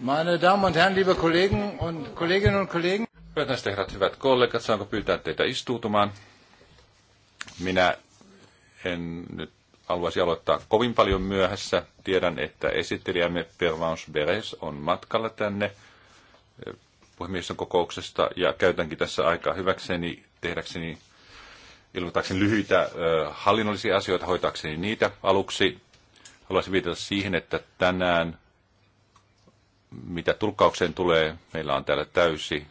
Meine Damen und Herren, liebe Kollegen und Kolleginnen und Kollegen. Hyvät naiset herrat, hyvät kollegat, saanko pyytää teitä istuutumaan? Minä en nyt haluaisi aloittaa kovin paljon myöhässä. Tiedän, että esittelijämme Pervance Beres on matkalla tänne eh, puhemiesten kokouksesta ja käytänkin tässä aikaa hyväkseni tehdäkseni ilmoitaakseni lyhyitä eh, hallinnollisia asioita, hoitaakseni niitä aluksi. Haluaisin viitata siihen, että tänään mitä tulkkaukseen tulee, meillä on täällä täysi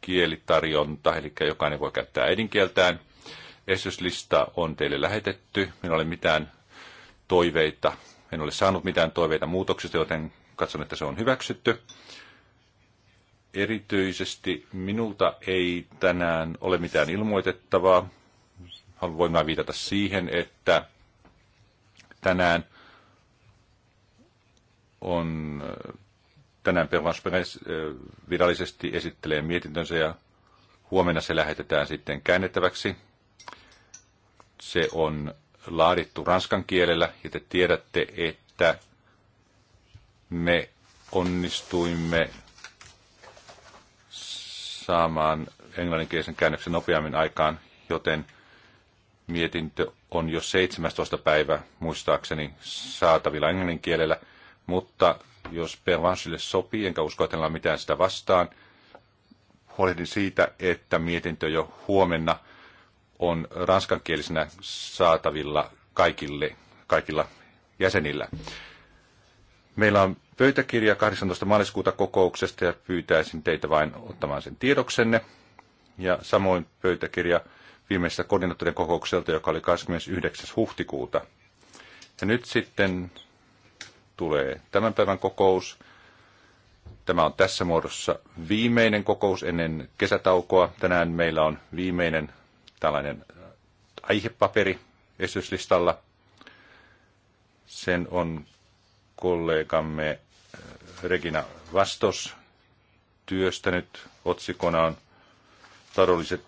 kielitarjonta, eli jokainen voi käyttää äidinkieltään. Esityslista on teille lähetetty. Minulla ole mitään toiveita. En ole saanut mitään toiveita muutoksista, joten katson, että se on hyväksytty. Erityisesti minulta ei tänään ole mitään ilmoitettavaa. Haluan vain viitata siihen, että tänään on tänään Pervans Perez virallisesti esittelee mietintönsä ja huomenna se lähetetään sitten käännettäväksi. Se on laadittu ranskan kielellä ja te tiedätte, että me onnistuimme saamaan englanninkielisen käännöksen nopeammin aikaan, joten mietintö on jo 17. päivä muistaakseni saatavilla englanninkielellä, mutta jos Pervansille sopii, enkä usko, että mitään sitä vastaan. Huolehdin siitä, että mietintö jo huomenna on ranskankielisenä saatavilla kaikille, kaikilla jäsenillä. Meillä on pöytäkirja 18. maaliskuuta kokouksesta ja pyytäisin teitä vain ottamaan sen tiedoksenne. Ja samoin pöytäkirja viimeisestä koordinaattorien kokoukselta, joka oli 29. huhtikuuta. Ja nyt sitten tulee tämän päivän kokous. Tämä on tässä muodossa viimeinen kokous ennen kesätaukoa. Tänään meillä on viimeinen tällainen äh, aihepaperi esityslistalla. Sen on kollegamme äh, Regina Vastos työstänyt. otsikonaan on taloudelliset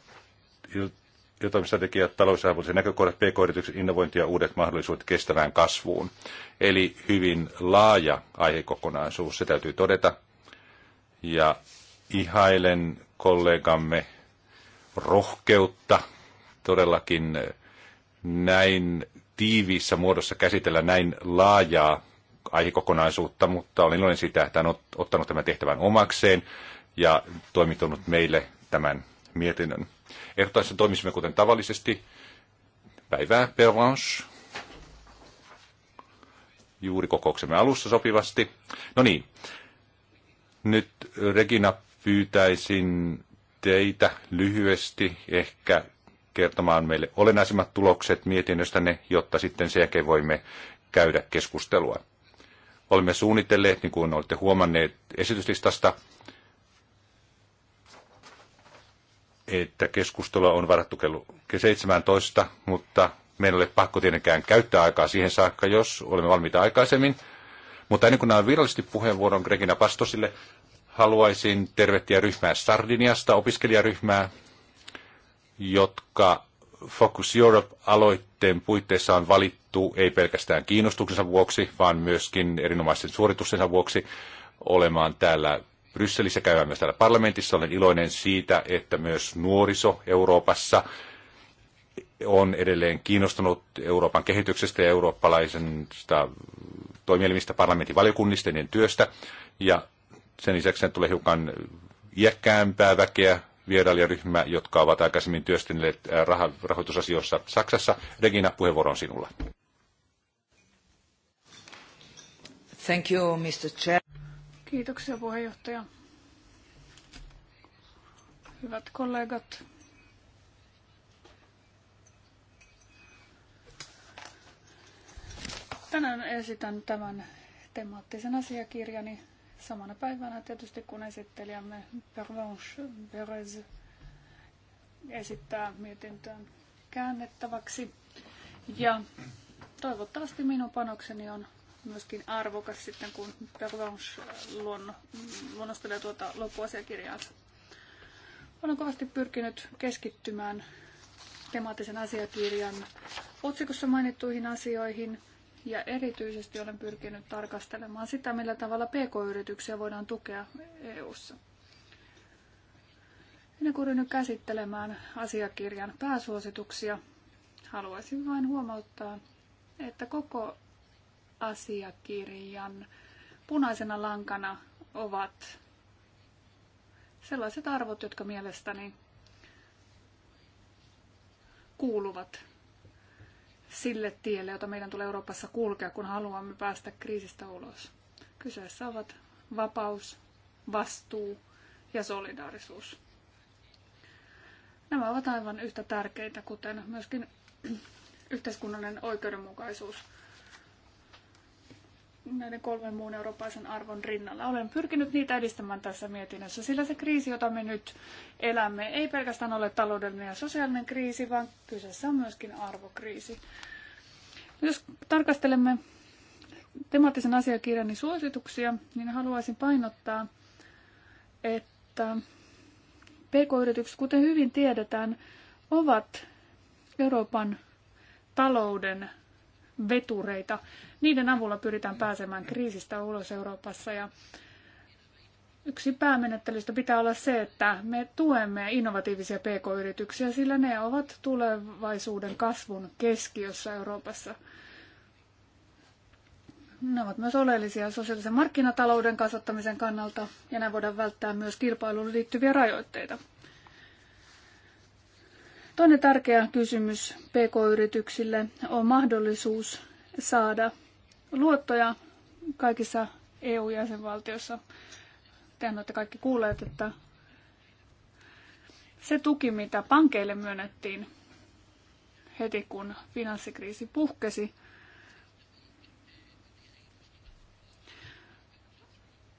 johtamisstrategiat, talousarvoiset näkökohdat, pk-yrityksen innovointi ja uudet mahdollisuudet kestävään kasvuun. Eli hyvin laaja aihekokonaisuus, se täytyy todeta. Ja ihailen kollegamme rohkeutta todellakin näin tiiviissä muodossa käsitellä näin laajaa aihekokonaisuutta, mutta olen iloinen sitä, että hän on ottanut tämän tehtävän omakseen ja toimittanut meille tämän mietinnön. Ehdottaisin, että toimisimme kuten tavallisesti. Päivää, pervanche. Juuri kokouksemme alussa sopivasti. No niin, nyt Regina pyytäisin teitä lyhyesti ehkä kertomaan meille olennaisimmat tulokset mietinnöstänne, jotta sitten sen jälkeen voimme käydä keskustelua. Olemme suunnitelleet, niin kuin olette huomanneet esityslistasta, että keskustelua on varattu kello 17, mutta meillä ei ole pakko tietenkään käyttää aikaa siihen saakka, jos olemme valmiita aikaisemmin. Mutta ennen kuin annan virallisesti puheenvuoron Regina Pastosille, haluaisin tervehtiä ryhmää Sardiniasta, opiskelijaryhmää, jotka Focus Europe-aloitteen puitteissa on valittu ei pelkästään kiinnostuksensa vuoksi, vaan myöskin erinomaisen suoritustensa vuoksi olemaan täällä Brysselissä, käydään myös täällä parlamentissa. Olen iloinen siitä, että myös nuoriso Euroopassa on edelleen kiinnostunut Euroopan kehityksestä ja eurooppalaisesta toimielimistä parlamentin valiokunnista ja työstä. Ja sen lisäksi tulee hiukan iäkkäämpää väkeä vierailijaryhmä, jotka ovat aikaisemmin työskennelleet äh, rahoitusasioissa Saksassa. Regina, puheenvuoro on sinulla. Thank you, Mr. Chair. Kiitoksia puheenjohtaja. Hyvät kollegat. Tänään esitän tämän temaattisen asiakirjani samana päivänä tietysti kun esittelijämme Pervenche Perez esittää mietintöön käännettäväksi. Ja toivottavasti minun panokseni on myöskin arvokas sitten, kun Pervenche luonno, luonnostelee tuota loppuasiakirjaansa. Olen kovasti pyrkinyt keskittymään temaattisen asiakirjan otsikossa mainittuihin asioihin ja erityisesti olen pyrkinyt tarkastelemaan sitä, millä tavalla pk-yrityksiä voidaan tukea EU-ssa. Ennen kuin käsittelemään asiakirjan pääsuosituksia, haluaisin vain huomauttaa, että koko asiakirjan punaisena lankana ovat sellaiset arvot, jotka mielestäni kuuluvat sille tielle, jota meidän tulee Euroopassa kulkea, kun haluamme päästä kriisistä ulos. Kyseessä ovat vapaus, vastuu ja solidaarisuus. Nämä ovat aivan yhtä tärkeitä, kuten myöskin yhteiskunnallinen oikeudenmukaisuus näiden kolmen muun eurooppalaisen arvon rinnalla. Olen pyrkinyt niitä edistämään tässä mietinnössä, sillä se kriisi, jota me nyt elämme, ei pelkästään ole taloudellinen ja sosiaalinen kriisi, vaan kyseessä on myöskin arvokriisi. Jos tarkastelemme temaattisen asiakirjani suosituksia, niin haluaisin painottaa, että PK-yritykset, kuten hyvin tiedetään, ovat Euroopan talouden vetureita. Niiden avulla pyritään pääsemään kriisistä ulos Euroopassa ja Yksi päämenettelystä pitää olla se, että me tuemme innovatiivisia pk-yrityksiä, sillä ne ovat tulevaisuuden kasvun keskiössä Euroopassa. Ne ovat myös oleellisia sosiaalisen markkinatalouden kasvattamisen kannalta ja näin voidaan välttää myös kilpailuun liittyviä rajoitteita. Toinen tärkeä kysymys PK-yrityksille on mahdollisuus saada luottoja kaikissa EU-jäsenvaltioissa. Tehän olette kaikki kuulleet, että se tuki, mitä pankeille myönnettiin heti kun finanssikriisi puhkesi,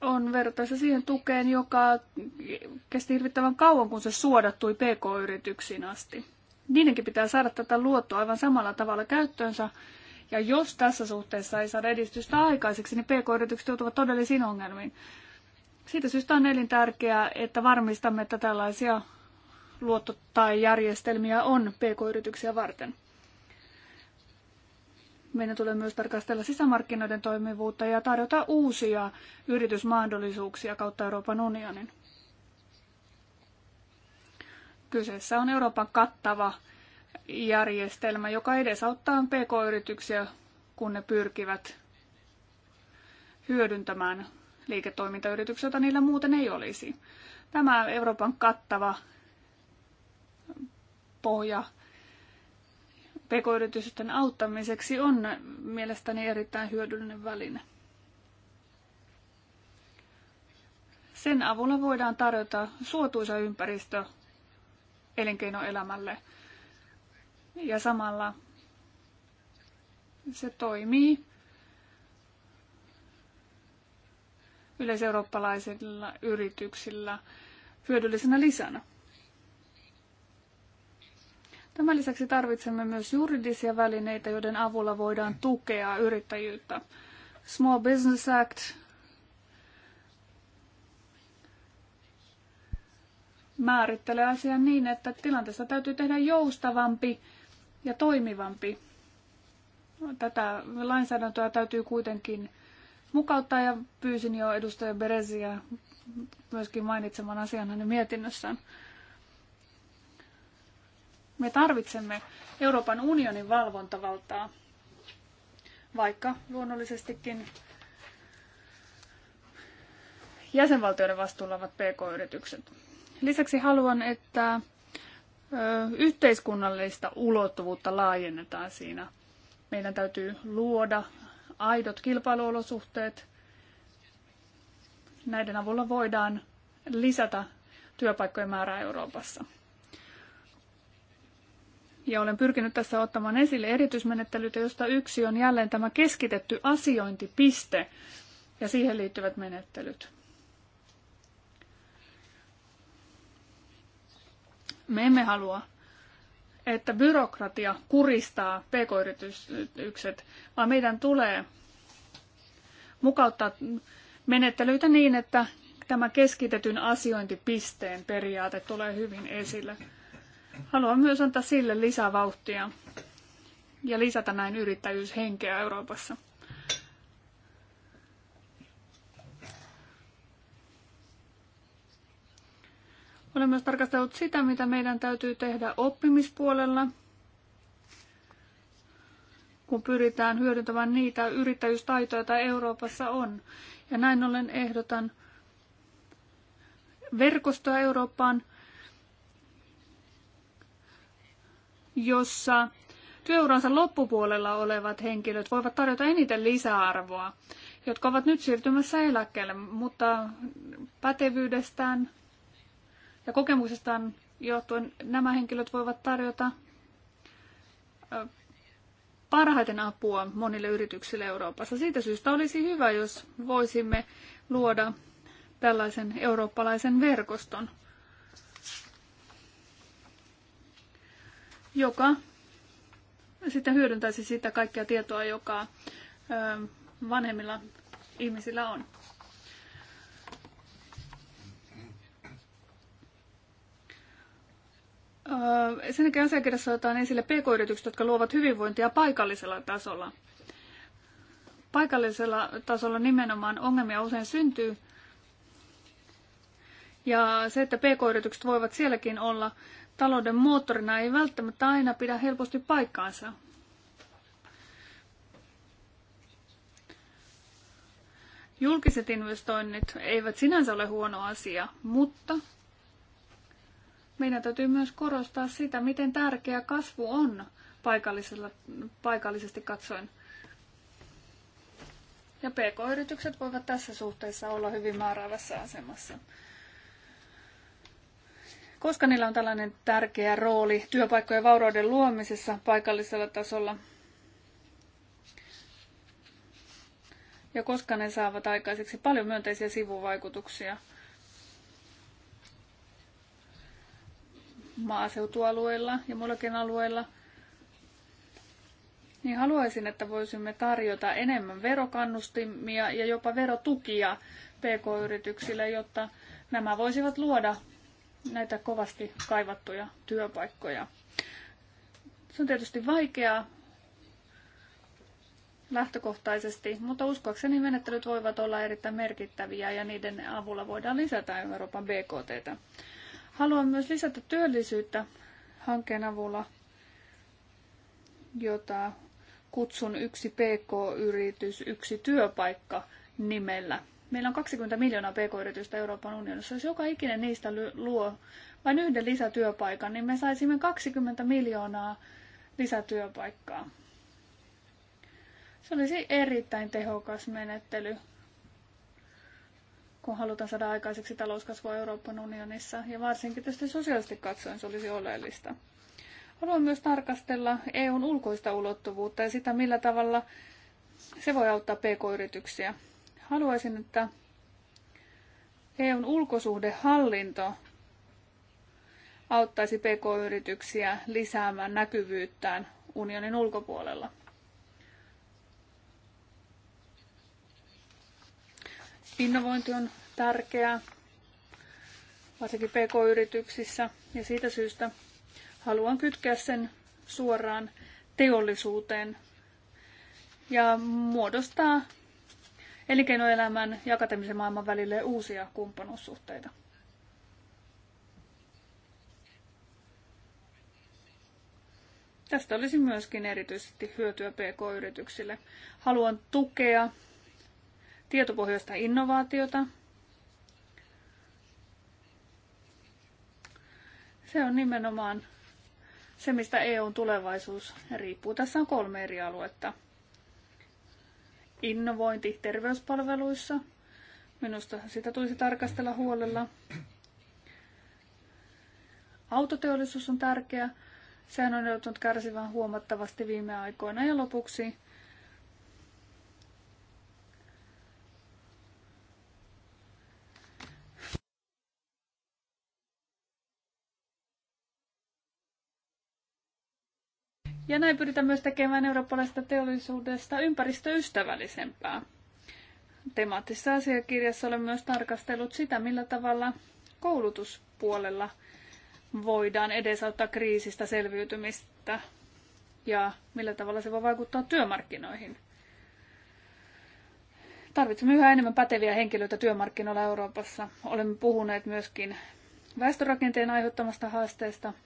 on vertaissa siihen tukeen, joka kesti hirvittävän kauan, kun se suodattui pk-yrityksiin asti. Niidenkin pitää saada tätä luottoa aivan samalla tavalla käyttöönsä. Ja jos tässä suhteessa ei saada edistystä aikaiseksi, niin pk-yritykset joutuvat todellisiin ongelmiin. Siitä syystä on elintärkeää, että varmistamme, että tällaisia luotto- tai järjestelmiä on pk-yrityksiä varten. Meidän tulee myös tarkastella sisämarkkinoiden toimivuutta ja tarjota uusia yritysmahdollisuuksia kautta Euroopan unionin. Kyseessä on Euroopan kattava järjestelmä, joka edesauttaa pk-yrityksiä, kun ne pyrkivät hyödyntämään liiketoimintayrityksiä, joita niillä muuten ei olisi. Tämä Euroopan kattava pohja pk-yritysten auttamiseksi on mielestäni erittäin hyödyllinen väline. Sen avulla voidaan tarjota suotuisa ympäristö elinkeinoelämälle ja samalla se toimii yleiseurooppalaisilla yrityksillä hyödyllisenä lisänä. Tämän lisäksi tarvitsemme myös juridisia välineitä, joiden avulla voidaan tukea yrittäjyyttä. Small Business Act, määrittelee asian niin, että tilanteesta täytyy tehdä joustavampi ja toimivampi. Tätä lainsäädäntöä täytyy kuitenkin mukauttaa ja pyysin jo edustaja Beresia myöskin mainitsemaan asian hänen mietinnössään. Me tarvitsemme Euroopan unionin valvontavaltaa, vaikka luonnollisestikin jäsenvaltioiden vastuulla ovat pk-yritykset. Lisäksi haluan, että yhteiskunnallista ulottuvuutta laajennetaan siinä. Meidän täytyy luoda aidot kilpailuolosuhteet. Näiden avulla voidaan lisätä työpaikkojen määrää Euroopassa ja olen pyrkinyt tässä ottamaan esille erityismenettelyitä, josta yksi on jälleen tämä keskitetty asiointipiste ja siihen liittyvät menettelyt. Me emme halua, että byrokratia kuristaa pk-yritykset, vaan meidän tulee mukauttaa menettelyitä niin, että tämä keskitetyn asiointipisteen periaate tulee hyvin esille. Haluan myös antaa sille lisää vauhtia ja lisätä näin yrittäjyyshenkeä Euroopassa. Olen myös tarkastellut sitä, mitä meidän täytyy tehdä oppimispuolella, kun pyritään hyödyntämään niitä yrittäjyystaitoja, joita Euroopassa on. Ja näin ollen ehdotan verkostoa Eurooppaan – jossa työuransa loppupuolella olevat henkilöt voivat tarjota eniten lisäarvoa, jotka ovat nyt siirtymässä eläkkeelle, mutta pätevyydestään ja kokemuksestaan johtuen nämä henkilöt voivat tarjota parhaiten apua monille yrityksille Euroopassa. Siitä syystä olisi hyvä, jos voisimme luoda tällaisen eurooppalaisen verkoston. joka sitten hyödyntäisi sitä kaikkea tietoa, joka vanhemmilla ihmisillä on. Ensinnäkin asiakirjassa otetaan esille pk-yritykset, jotka luovat hyvinvointia paikallisella tasolla. Paikallisella tasolla nimenomaan ongelmia usein syntyy. Ja se, että pk-yritykset voivat sielläkin olla talouden moottorina ei välttämättä aina pidä helposti paikkaansa. Julkiset investoinnit eivät sinänsä ole huono asia, mutta meidän täytyy myös korostaa sitä, miten tärkeä kasvu on paikallisella, paikallisesti katsoen. Ja PK-yritykset voivat tässä suhteessa olla hyvin määräävässä asemassa koska niillä on tällainen tärkeä rooli työpaikkojen vaurauden luomisessa paikallisella tasolla. Ja koska ne saavat aikaiseksi paljon myönteisiä sivuvaikutuksia maaseutualueilla ja muillakin alueilla, niin haluaisin, että voisimme tarjota enemmän verokannustimia ja jopa verotukia pk-yrityksille, jotta nämä voisivat luoda näitä kovasti kaivattuja työpaikkoja. Se on tietysti vaikeaa lähtökohtaisesti, mutta uskoakseni menettelyt voivat olla erittäin merkittäviä ja niiden avulla voidaan lisätä Euroopan BKTtä. Haluan myös lisätä työllisyyttä hankkeen avulla, jota kutsun yksi PK-yritys, yksi työpaikka nimellä. Meillä on 20 miljoonaa pk-yritystä Euroopan unionissa. Jos joka ikinen niistä luo vain yhden lisätyöpaikan, niin me saisimme 20 miljoonaa lisätyöpaikkaa. Se olisi erittäin tehokas menettely, kun halutaan saada aikaiseksi talouskasvua Euroopan unionissa. Ja varsinkin tietysti sosiaalisesti katsoen se olisi oleellista. Haluan myös tarkastella EUn ulkoista ulottuvuutta ja sitä, millä tavalla se voi auttaa pk-yrityksiä Haluaisin, että EUn ulkosuhdehallinto auttaisi pk-yrityksiä lisäämään näkyvyyttään unionin ulkopuolella. Innovointi on tärkeää, varsinkin pk-yrityksissä, ja siitä syystä haluan kytkeä sen suoraan teollisuuteen ja muodostaa elinkeinoelämän ja akateemisen maailman välille uusia kumppanuussuhteita. Tästä olisi myöskin erityisesti hyötyä PK-yrityksille. Haluan tukea tietopohjaista innovaatiota. Se on nimenomaan se, mistä EUn tulevaisuus riippuu. Tässä on kolme eri aluetta – innovointi terveyspalveluissa. Minusta sitä tulisi tarkastella huolella. Autoteollisuus on tärkeä. Sehän on joutunut kärsivään huomattavasti viime aikoina. Ja lopuksi Ja näin pyritään myös tekemään eurooppalaisesta teollisuudesta ympäristöystävällisempää. Temaattisessa asiakirjassa olen myös tarkastellut sitä, millä tavalla koulutuspuolella voidaan edesauttaa kriisistä selviytymistä ja millä tavalla se voi vaikuttaa työmarkkinoihin. Tarvitsemme yhä enemmän päteviä henkilöitä työmarkkinoilla Euroopassa. Olemme puhuneet myöskin väestörakenteen aiheuttamasta haasteesta –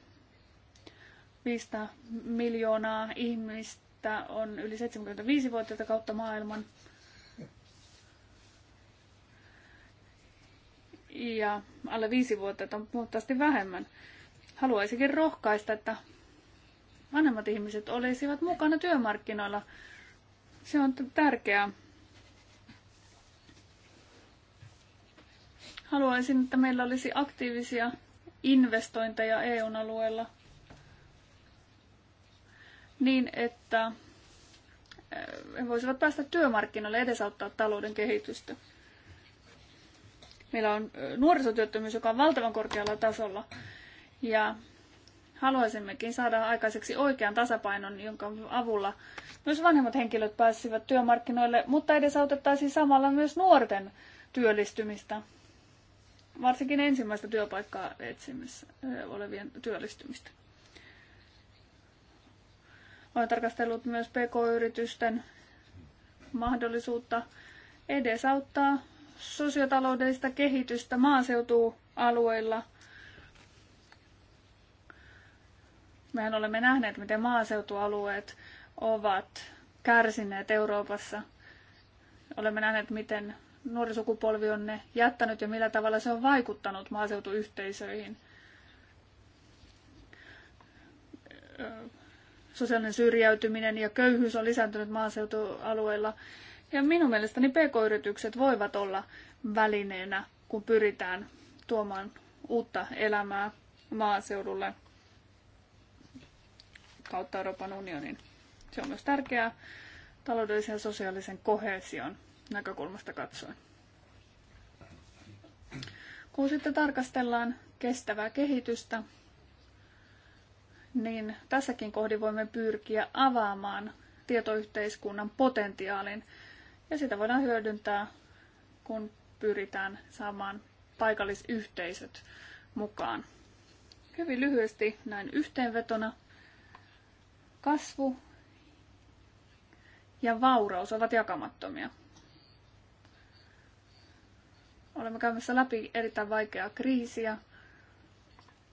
500 miljoonaa ihmistä on yli 75 vuotta kautta maailman. Ja alle 5 vuotta on huomattavasti vähemmän. Haluaisinkin rohkaista, että vanhemmat ihmiset olisivat mukana työmarkkinoilla. Se on tärkeää. Haluaisin, että meillä olisi aktiivisia investointeja eu alueella – niin että eh, he voisivat päästä työmarkkinoille edesauttaa talouden kehitystä. Meillä on eh, nuorisotyöttömyys, joka on valtavan korkealla tasolla. Ja haluaisimmekin saada aikaiseksi oikean tasapainon, jonka avulla myös vanhemmat henkilöt pääsisivät työmarkkinoille, mutta edesautettaisiin samalla myös nuorten työllistymistä, varsinkin ensimmäistä työpaikkaa etsimässä eh, olevien työllistymistä. Olen tarkastellut myös PK-yritysten mahdollisuutta edesauttaa sosiotaloudellista kehitystä maaseutualueilla. Mehän olemme nähneet, miten maaseutualueet ovat kärsineet Euroopassa. Olemme nähneet, miten nuorisukupolvi on ne jättänyt ja millä tavalla se on vaikuttanut maaseutuyhteisöihin sosiaalinen syrjäytyminen ja köyhyys on lisääntynyt maaseutualueilla. Ja minun mielestäni pk-yritykset voivat olla välineenä, kun pyritään tuomaan uutta elämää maaseudulle kautta Euroopan unionin. Se on myös tärkeää taloudellisen ja sosiaalisen kohesion näkökulmasta katsoen. Kun sitten tarkastellaan kestävää kehitystä, niin tässäkin kohdin voimme pyrkiä avaamaan tietoyhteiskunnan potentiaalin. Ja sitä voidaan hyödyntää, kun pyritään saamaan paikallisyhteisöt mukaan. Hyvin lyhyesti näin yhteenvetona. Kasvu ja vauraus ovat jakamattomia. Olemme käymässä läpi erittäin vaikeaa kriisiä.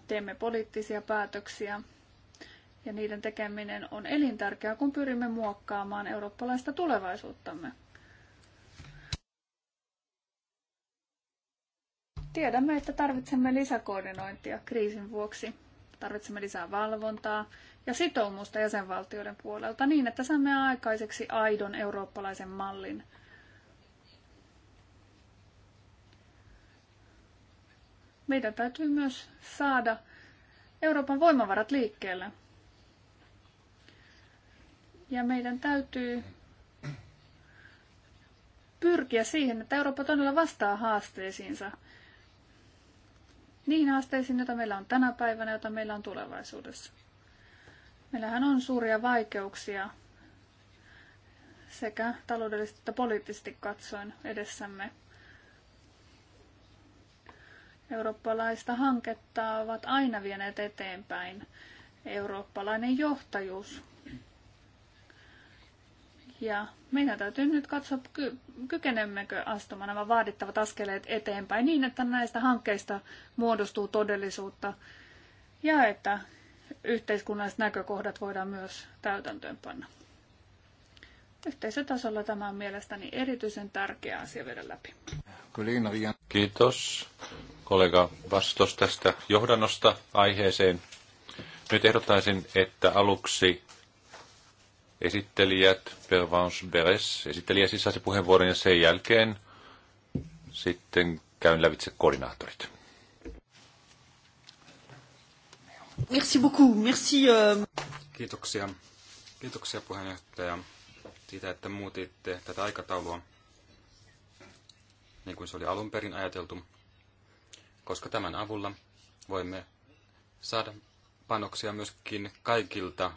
Teemme poliittisia päätöksiä, ja niiden tekeminen on elintärkeää, kun pyrimme muokkaamaan eurooppalaista tulevaisuuttamme. Tiedämme, että tarvitsemme lisäkoordinointia kriisin vuoksi. Tarvitsemme lisää valvontaa ja sitoumusta jäsenvaltioiden puolelta niin, että saamme aikaiseksi aidon eurooppalaisen mallin. Meidän täytyy myös saada Euroopan voimavarat liikkeelle. Ja meidän täytyy pyrkiä siihen, että Eurooppa todella vastaa haasteisiinsa. Niihin haasteisiin, joita meillä on tänä päivänä, joita meillä on tulevaisuudessa. Meillähän on suuria vaikeuksia sekä taloudellisesti että poliittisesti katsoen edessämme. Eurooppalaista hanketta ovat aina vieneet eteenpäin eurooppalainen johtajuus ja meidän täytyy nyt katsoa, ky- kykenemmekö astumaan nämä vaadittavat askeleet eteenpäin niin, että näistä hankkeista muodostuu todellisuutta ja että yhteiskunnalliset näkökohdat voidaan myös täytäntöönpanna. Yhteisötasolla tämä on mielestäni erityisen tärkeä asia viedä läpi. Kiitos kollega Vastos tästä johdannosta aiheeseen. Nyt ehdottaisin, että aluksi esittelijät, Pervance Beres, esittelijä siis saisi puheenvuoron ja sen jälkeen sitten käyn lävitse koordinaattorit. Merci beaucoup, merci. Euh. Kiitoksia. Kiitoksia puheenjohtaja siitä, että muutitte tätä aikataulua niin kuin se oli alun perin ajateltu, koska tämän avulla voimme saada panoksia myöskin kaikilta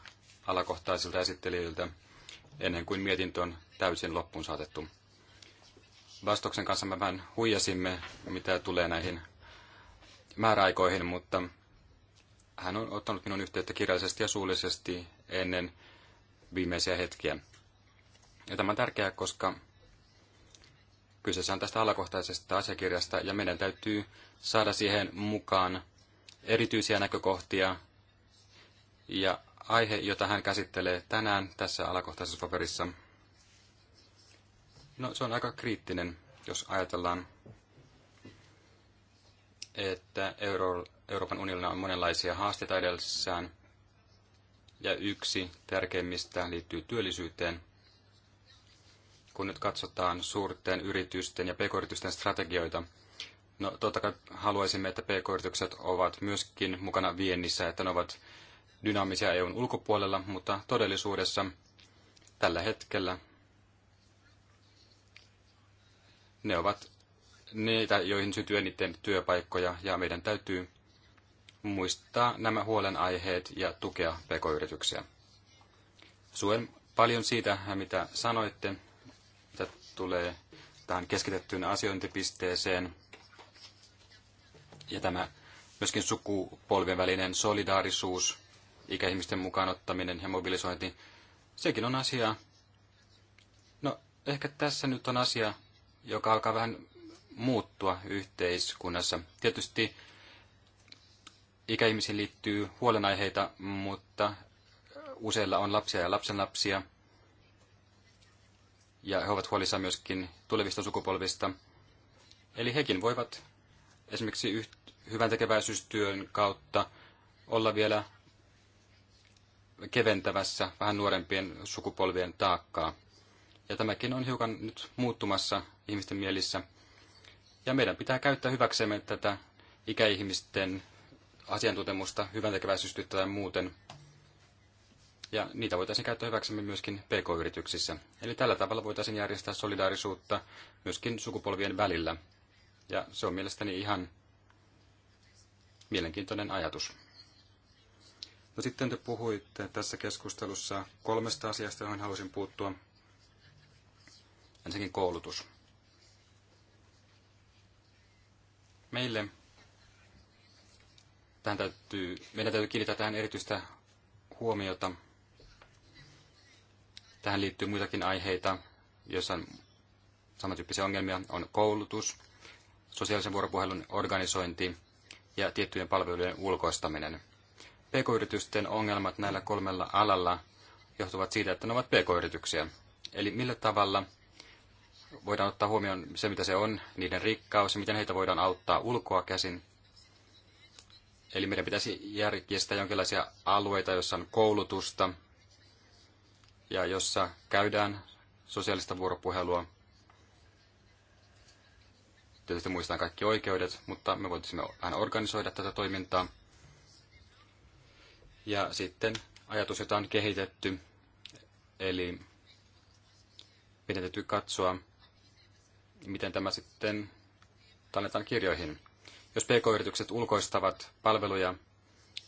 alakohtaisilta esittelijöiltä ennen kuin mietintö on täysin loppuun saatettu. Vastoksen kanssa me vähän huijasimme, mitä tulee näihin määräaikoihin, mutta hän on ottanut minun yhteyttä kirjallisesti ja suullisesti ennen viimeisiä hetkiä. Ja tämä on tärkeää, koska kyseessä on tästä alakohtaisesta asiakirjasta ja meidän täytyy saada siihen mukaan erityisiä näkökohtia ja aihe, jota hän käsittelee tänään tässä alakohtaisessa paperissa, no, se on aika kriittinen, jos ajatellaan, että Euro- Euroopan unionilla on monenlaisia haasteita edessään, ja yksi tärkeimmistä liittyy työllisyyteen. Kun nyt katsotaan suurten yritysten ja pk-yritysten strategioita, No totta kai haluaisimme, että pk-yritykset ovat myöskin mukana viennissä, että ne ovat dynaamisia EUn ulkopuolella, mutta todellisuudessa tällä hetkellä ne ovat niitä, joihin syntyy eniten työpaikkoja ja meidän täytyy muistaa nämä huolenaiheet ja tukea pk-yrityksiä. Suen paljon siitä, mitä sanoitte, mitä tulee tähän keskitettyyn asiointipisteeseen ja tämä myöskin sukupolven välinen solidaarisuus ikäihmisten ottaminen ja mobilisointi, sekin on asia. No, ehkä tässä nyt on asia, joka alkaa vähän muuttua yhteiskunnassa. Tietysti ikäihmisiin liittyy huolenaiheita, mutta useilla on lapsia ja lapsenlapsia. Ja he ovat huolissaan myöskin tulevista sukupolvista. Eli hekin voivat esimerkiksi hyvän tekeväisyystyön kautta olla vielä keventävässä vähän nuorempien sukupolvien taakkaa. Ja tämäkin on hiukan nyt muuttumassa ihmisten mielissä. Ja meidän pitää käyttää hyväksemme tätä ikäihmisten asiantuntemusta, hyvän tekeväisyystyttä tai muuten. Ja niitä voitaisiin käyttää hyväksemme myöskin pk-yrityksissä. Eli tällä tavalla voitaisiin järjestää solidaarisuutta myöskin sukupolvien välillä. Ja se on mielestäni ihan mielenkiintoinen ajatus. No sitten te puhuitte tässä keskustelussa kolmesta asiasta, joihin halusin puuttua. Ensinnäkin koulutus. Meille tähän täytyy, meidän täytyy kiinnittää tähän erityistä huomiota. Tähän liittyy muitakin aiheita, joissa on samantyyppisiä ongelmia. On koulutus, sosiaalisen vuoropuhelun organisointi ja tiettyjen palvelujen ulkoistaminen – PK-yritysten ongelmat näillä kolmella alalla johtuvat siitä, että ne ovat PK-yrityksiä. Eli millä tavalla voidaan ottaa huomioon se, mitä se on, niiden rikkaus ja miten heitä voidaan auttaa ulkoa käsin. Eli meidän pitäisi järjestää jonkinlaisia alueita, joissa on koulutusta ja jossa käydään sosiaalista vuoropuhelua. Tietysti muistetaan kaikki oikeudet, mutta me voisimme vähän organisoida tätä toimintaa. Ja sitten ajatus, jota on kehitetty, eli meidän täytyy katsoa, miten tämä sitten tallennetaan kirjoihin. Jos pk-yritykset ulkoistavat palveluja,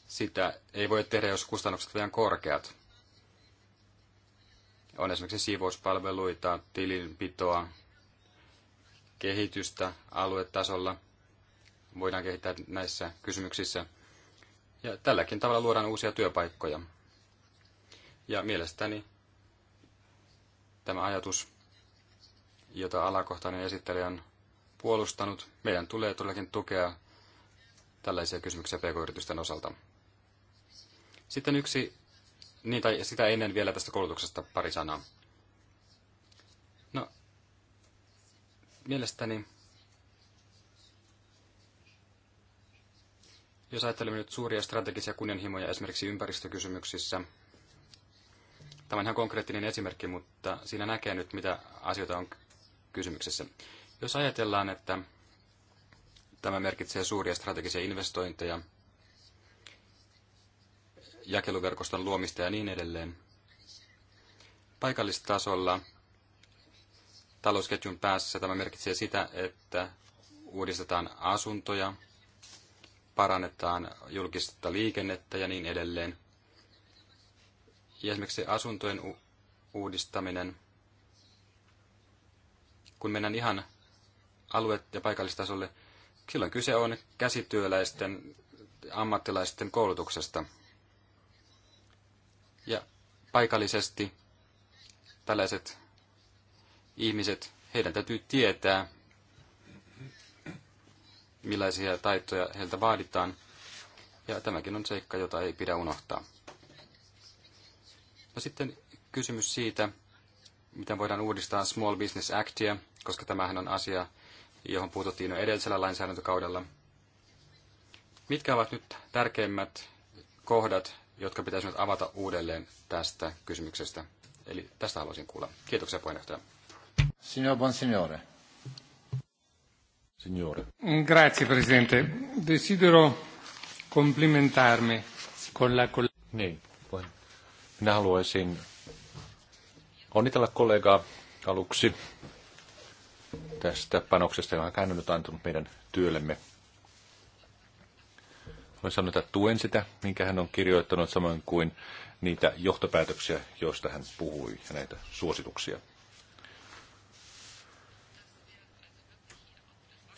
sitä ei voi tehdä, jos kustannukset ovat korkeat. On esimerkiksi siivouspalveluita, tilinpitoa, kehitystä aluetasolla. Voidaan kehittää näissä kysymyksissä. Ja tälläkin tavalla luodaan uusia työpaikkoja. Ja mielestäni tämä ajatus, jota alakohtainen esittelijä on puolustanut, meidän tulee todellakin tukea tällaisia kysymyksiä pk-yritysten osalta. Sitten yksi, niin tai sitä ennen vielä tästä koulutuksesta pari sanaa. No, mielestäni Jos ajattelemme nyt suuria strategisia kunnianhimoja esimerkiksi ympäristökysymyksissä, tämä on ihan konkreettinen esimerkki, mutta siinä näkee nyt, mitä asioita on kysymyksessä. Jos ajatellaan, että tämä merkitsee suuria strategisia investointeja, jakeluverkoston luomista ja niin edelleen. Paikallistasolla talousketjun päässä tämä merkitsee sitä, että uudistetaan asuntoja, parannetaan julkista liikennettä ja niin edelleen. Ja esimerkiksi asuntojen uudistaminen, kun mennään ihan alue- ja paikallistasolle, silloin kyse on käsityöläisten, ammattilaisten koulutuksesta. Ja paikallisesti tällaiset ihmiset, heidän täytyy tietää, millaisia taitoja heiltä vaaditaan. Ja tämäkin on seikka, jota ei pidä unohtaa. No sitten kysymys siitä, miten voidaan uudistaa Small Business Actia, koska tämähän on asia, johon puututtiin jo edellisellä lainsäädäntökaudella. Mitkä ovat nyt tärkeimmät kohdat, jotka pitäisi nyt avata uudelleen tästä kysymyksestä? Eli tästä haluaisin kuulla. Kiitoksia puheenjohtaja. Signor Bonsignore. Signore. Grazie, presidente. Desidero complimentarmi con la... Niin, voin. Minä haluaisin onnitella kollegaa aluksi tästä panoksesta, joka hän on nyt antanut meidän työllemme. Voin sanoa, että tuen sitä, minkä hän on kirjoittanut, samoin kuin niitä johtopäätöksiä, joista hän puhui ja näitä suosituksia.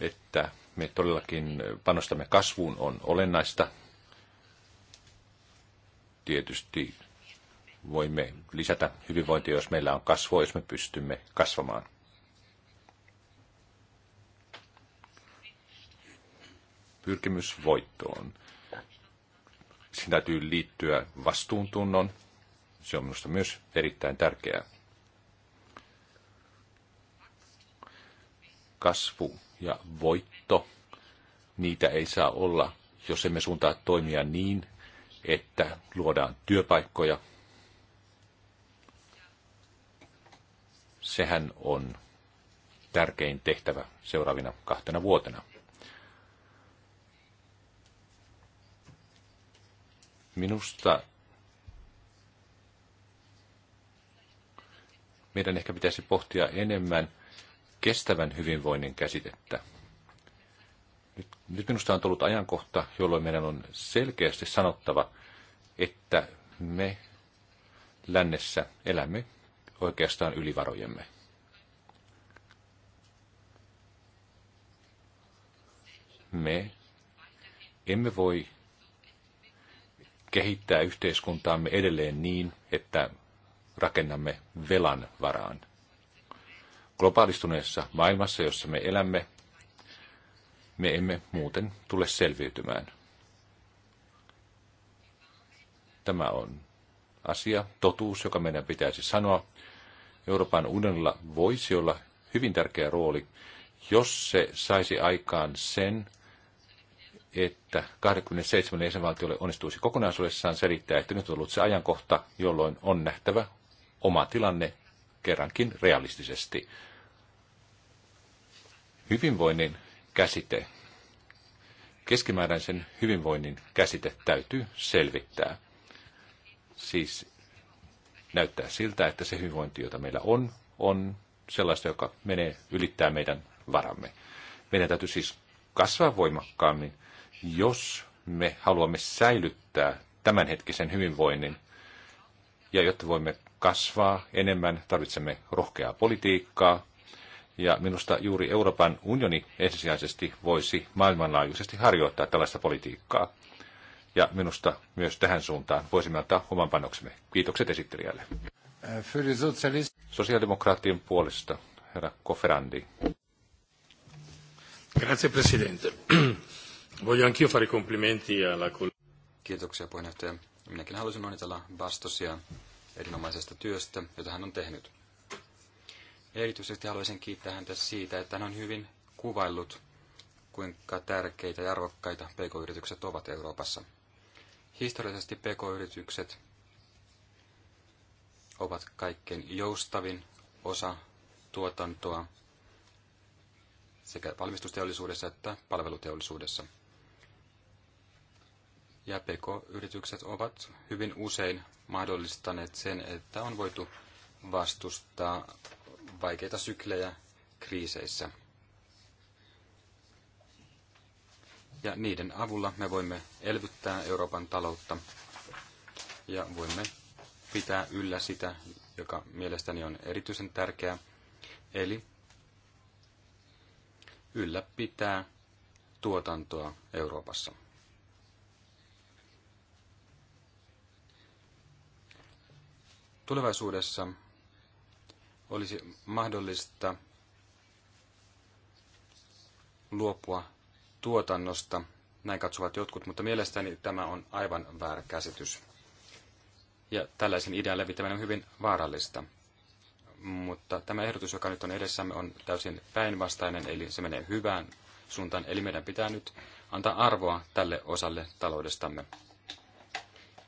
että me todellakin panostamme kasvuun on olennaista. Tietysti voimme lisätä hyvinvointia, jos meillä on kasvua, jos me pystymme kasvamaan. Pyrkimys voittoon. Siinä täytyy liittyä vastuuntunnon. Se on minusta myös erittäin tärkeää. Kasvu ja voitto, niitä ei saa olla, jos emme suuntaa toimia niin, että luodaan työpaikkoja. Sehän on tärkein tehtävä seuraavina kahtena vuotena. Minusta meidän ehkä pitäisi pohtia enemmän – kestävän hyvinvoinnin käsitettä. Nyt, nyt minusta on tullut ajankohta, jolloin meidän on selkeästi sanottava, että me lännessä elämme oikeastaan ylivarojemme. Me emme voi kehittää yhteiskuntaamme edelleen niin, että rakennamme velan varaan globaalistuneessa maailmassa, jossa me elämme, me emme muuten tule selviytymään. Tämä on asia, totuus, joka meidän pitäisi sanoa. Euroopan unionilla voisi olla hyvin tärkeä rooli, jos se saisi aikaan sen, että 27 jäsenvaltiolle onnistuisi kokonaisuudessaan selittää, että nyt on ollut se ajankohta, jolloin on nähtävä oma tilanne kerrankin realistisesti. Hyvinvoinnin käsite, keskimääräisen hyvinvoinnin käsite täytyy selvittää. Siis näyttää siltä, että se hyvinvointi, jota meillä on, on sellaista, joka menee ylittää meidän varamme. Meidän täytyy siis kasvaa voimakkaammin, jos me haluamme säilyttää tämänhetkisen hyvinvoinnin. Ja jotta voimme kasvaa enemmän, tarvitsemme rohkeaa politiikkaa, ja minusta juuri Euroopan unioni ensisijaisesti voisi maailmanlaajuisesti harjoittaa tällaista politiikkaa. Ja minusta myös tähän suuntaan voisimme antaa oman panoksemme. Kiitokset esittelijälle. Sosiaalidemokraattien puolesta herra Koferandi. Grazie Presidente. Voglio anch'io fare complimenti alla Kiitoksia puheenjohtaja. Minäkin haluaisin onnitella Bastosia erinomaisesta työstä, jota hän on tehnyt. Ja erityisesti haluaisin kiittää häntä siitä, että hän on hyvin kuvaillut, kuinka tärkeitä ja arvokkaita pk-yritykset ovat Euroopassa. Historiallisesti pk-yritykset ovat kaikkein joustavin osa tuotantoa sekä valmistusteollisuudessa että palveluteollisuudessa. Ja PK-yritykset ovat hyvin usein mahdollistaneet sen, että on voitu vastustaa vaikeita syklejä kriiseissä. Ja niiden avulla me voimme elvyttää Euroopan taloutta ja voimme pitää yllä sitä, joka mielestäni on erityisen tärkeää, eli ylläpitää tuotantoa Euroopassa. Tulevaisuudessa olisi mahdollista luopua tuotannosta, näin katsovat jotkut, mutta mielestäni tämä on aivan väärä käsitys. Ja tällaisen idean levittäminen on hyvin vaarallista. Mutta tämä ehdotus, joka nyt on edessämme, on täysin päinvastainen, eli se menee hyvään suuntaan. Eli meidän pitää nyt antaa arvoa tälle osalle taloudestamme.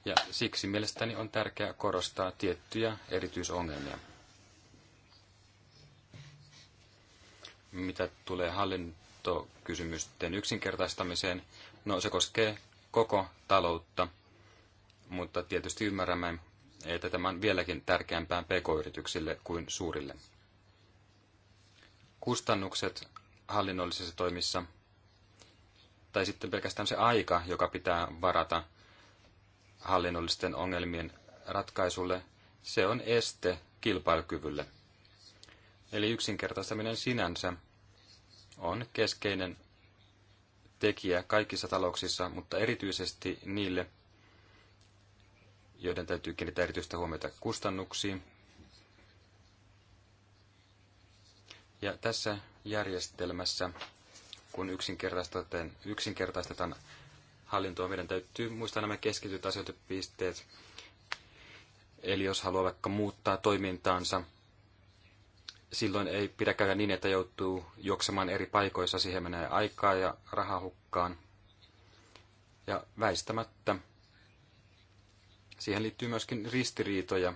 Ja siksi mielestäni on tärkeää korostaa tiettyjä erityisongelmia. mitä tulee hallintokysymysten yksinkertaistamiseen. No se koskee koko taloutta, mutta tietysti ymmärrämme, että tämä on vieläkin tärkeämpää pk-yrityksille kuin suurille. Kustannukset hallinnollisissa toimissa, tai sitten pelkästään se aika, joka pitää varata hallinnollisten ongelmien ratkaisulle, se on este kilpailukyvylle – Eli yksinkertaistaminen sinänsä on keskeinen tekijä kaikissa talouksissa, mutta erityisesti niille, joiden täytyy kiinnittää erityistä huomiota kustannuksiin. Ja tässä järjestelmässä, kun yksinkertaistetaan, yksinkertaistetaan hallintoa, meidän täytyy muistaa nämä keskityt asiointipisteet. Eli jos haluaa vaikka muuttaa toimintaansa, silloin ei pidä käydä niin, että joutuu juoksemaan eri paikoissa, siihen menee aikaa ja rahaa hukkaan. Ja väistämättä siihen liittyy myöskin ristiriitoja.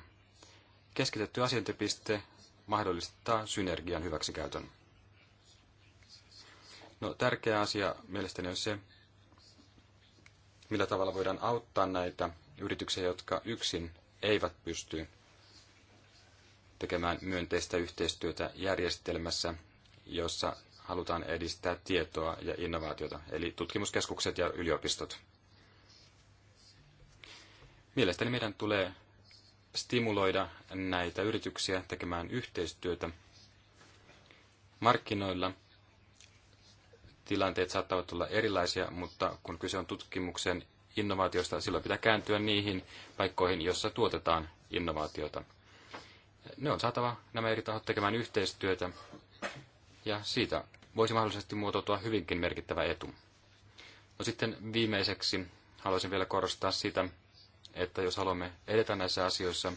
Keskitetty asiointipiste mahdollistaa synergian hyväksikäytön. No, tärkeä asia mielestäni on se, millä tavalla voidaan auttaa näitä yrityksiä, jotka yksin eivät pysty tekemään myönteistä yhteistyötä järjestelmässä, jossa halutaan edistää tietoa ja innovaatiota, eli tutkimuskeskukset ja yliopistot. Mielestäni meidän tulee stimuloida näitä yrityksiä tekemään yhteistyötä markkinoilla. Tilanteet saattavat olla erilaisia, mutta kun kyse on tutkimuksen innovaatiosta, silloin pitää kääntyä niihin paikkoihin, joissa tuotetaan innovaatiota. Ne on saatava nämä eri tahot tekemään yhteistyötä, ja siitä voisi mahdollisesti muotoutua hyvinkin merkittävä etu. No sitten viimeiseksi haluaisin vielä korostaa sitä, että jos haluamme edetä näissä asioissa,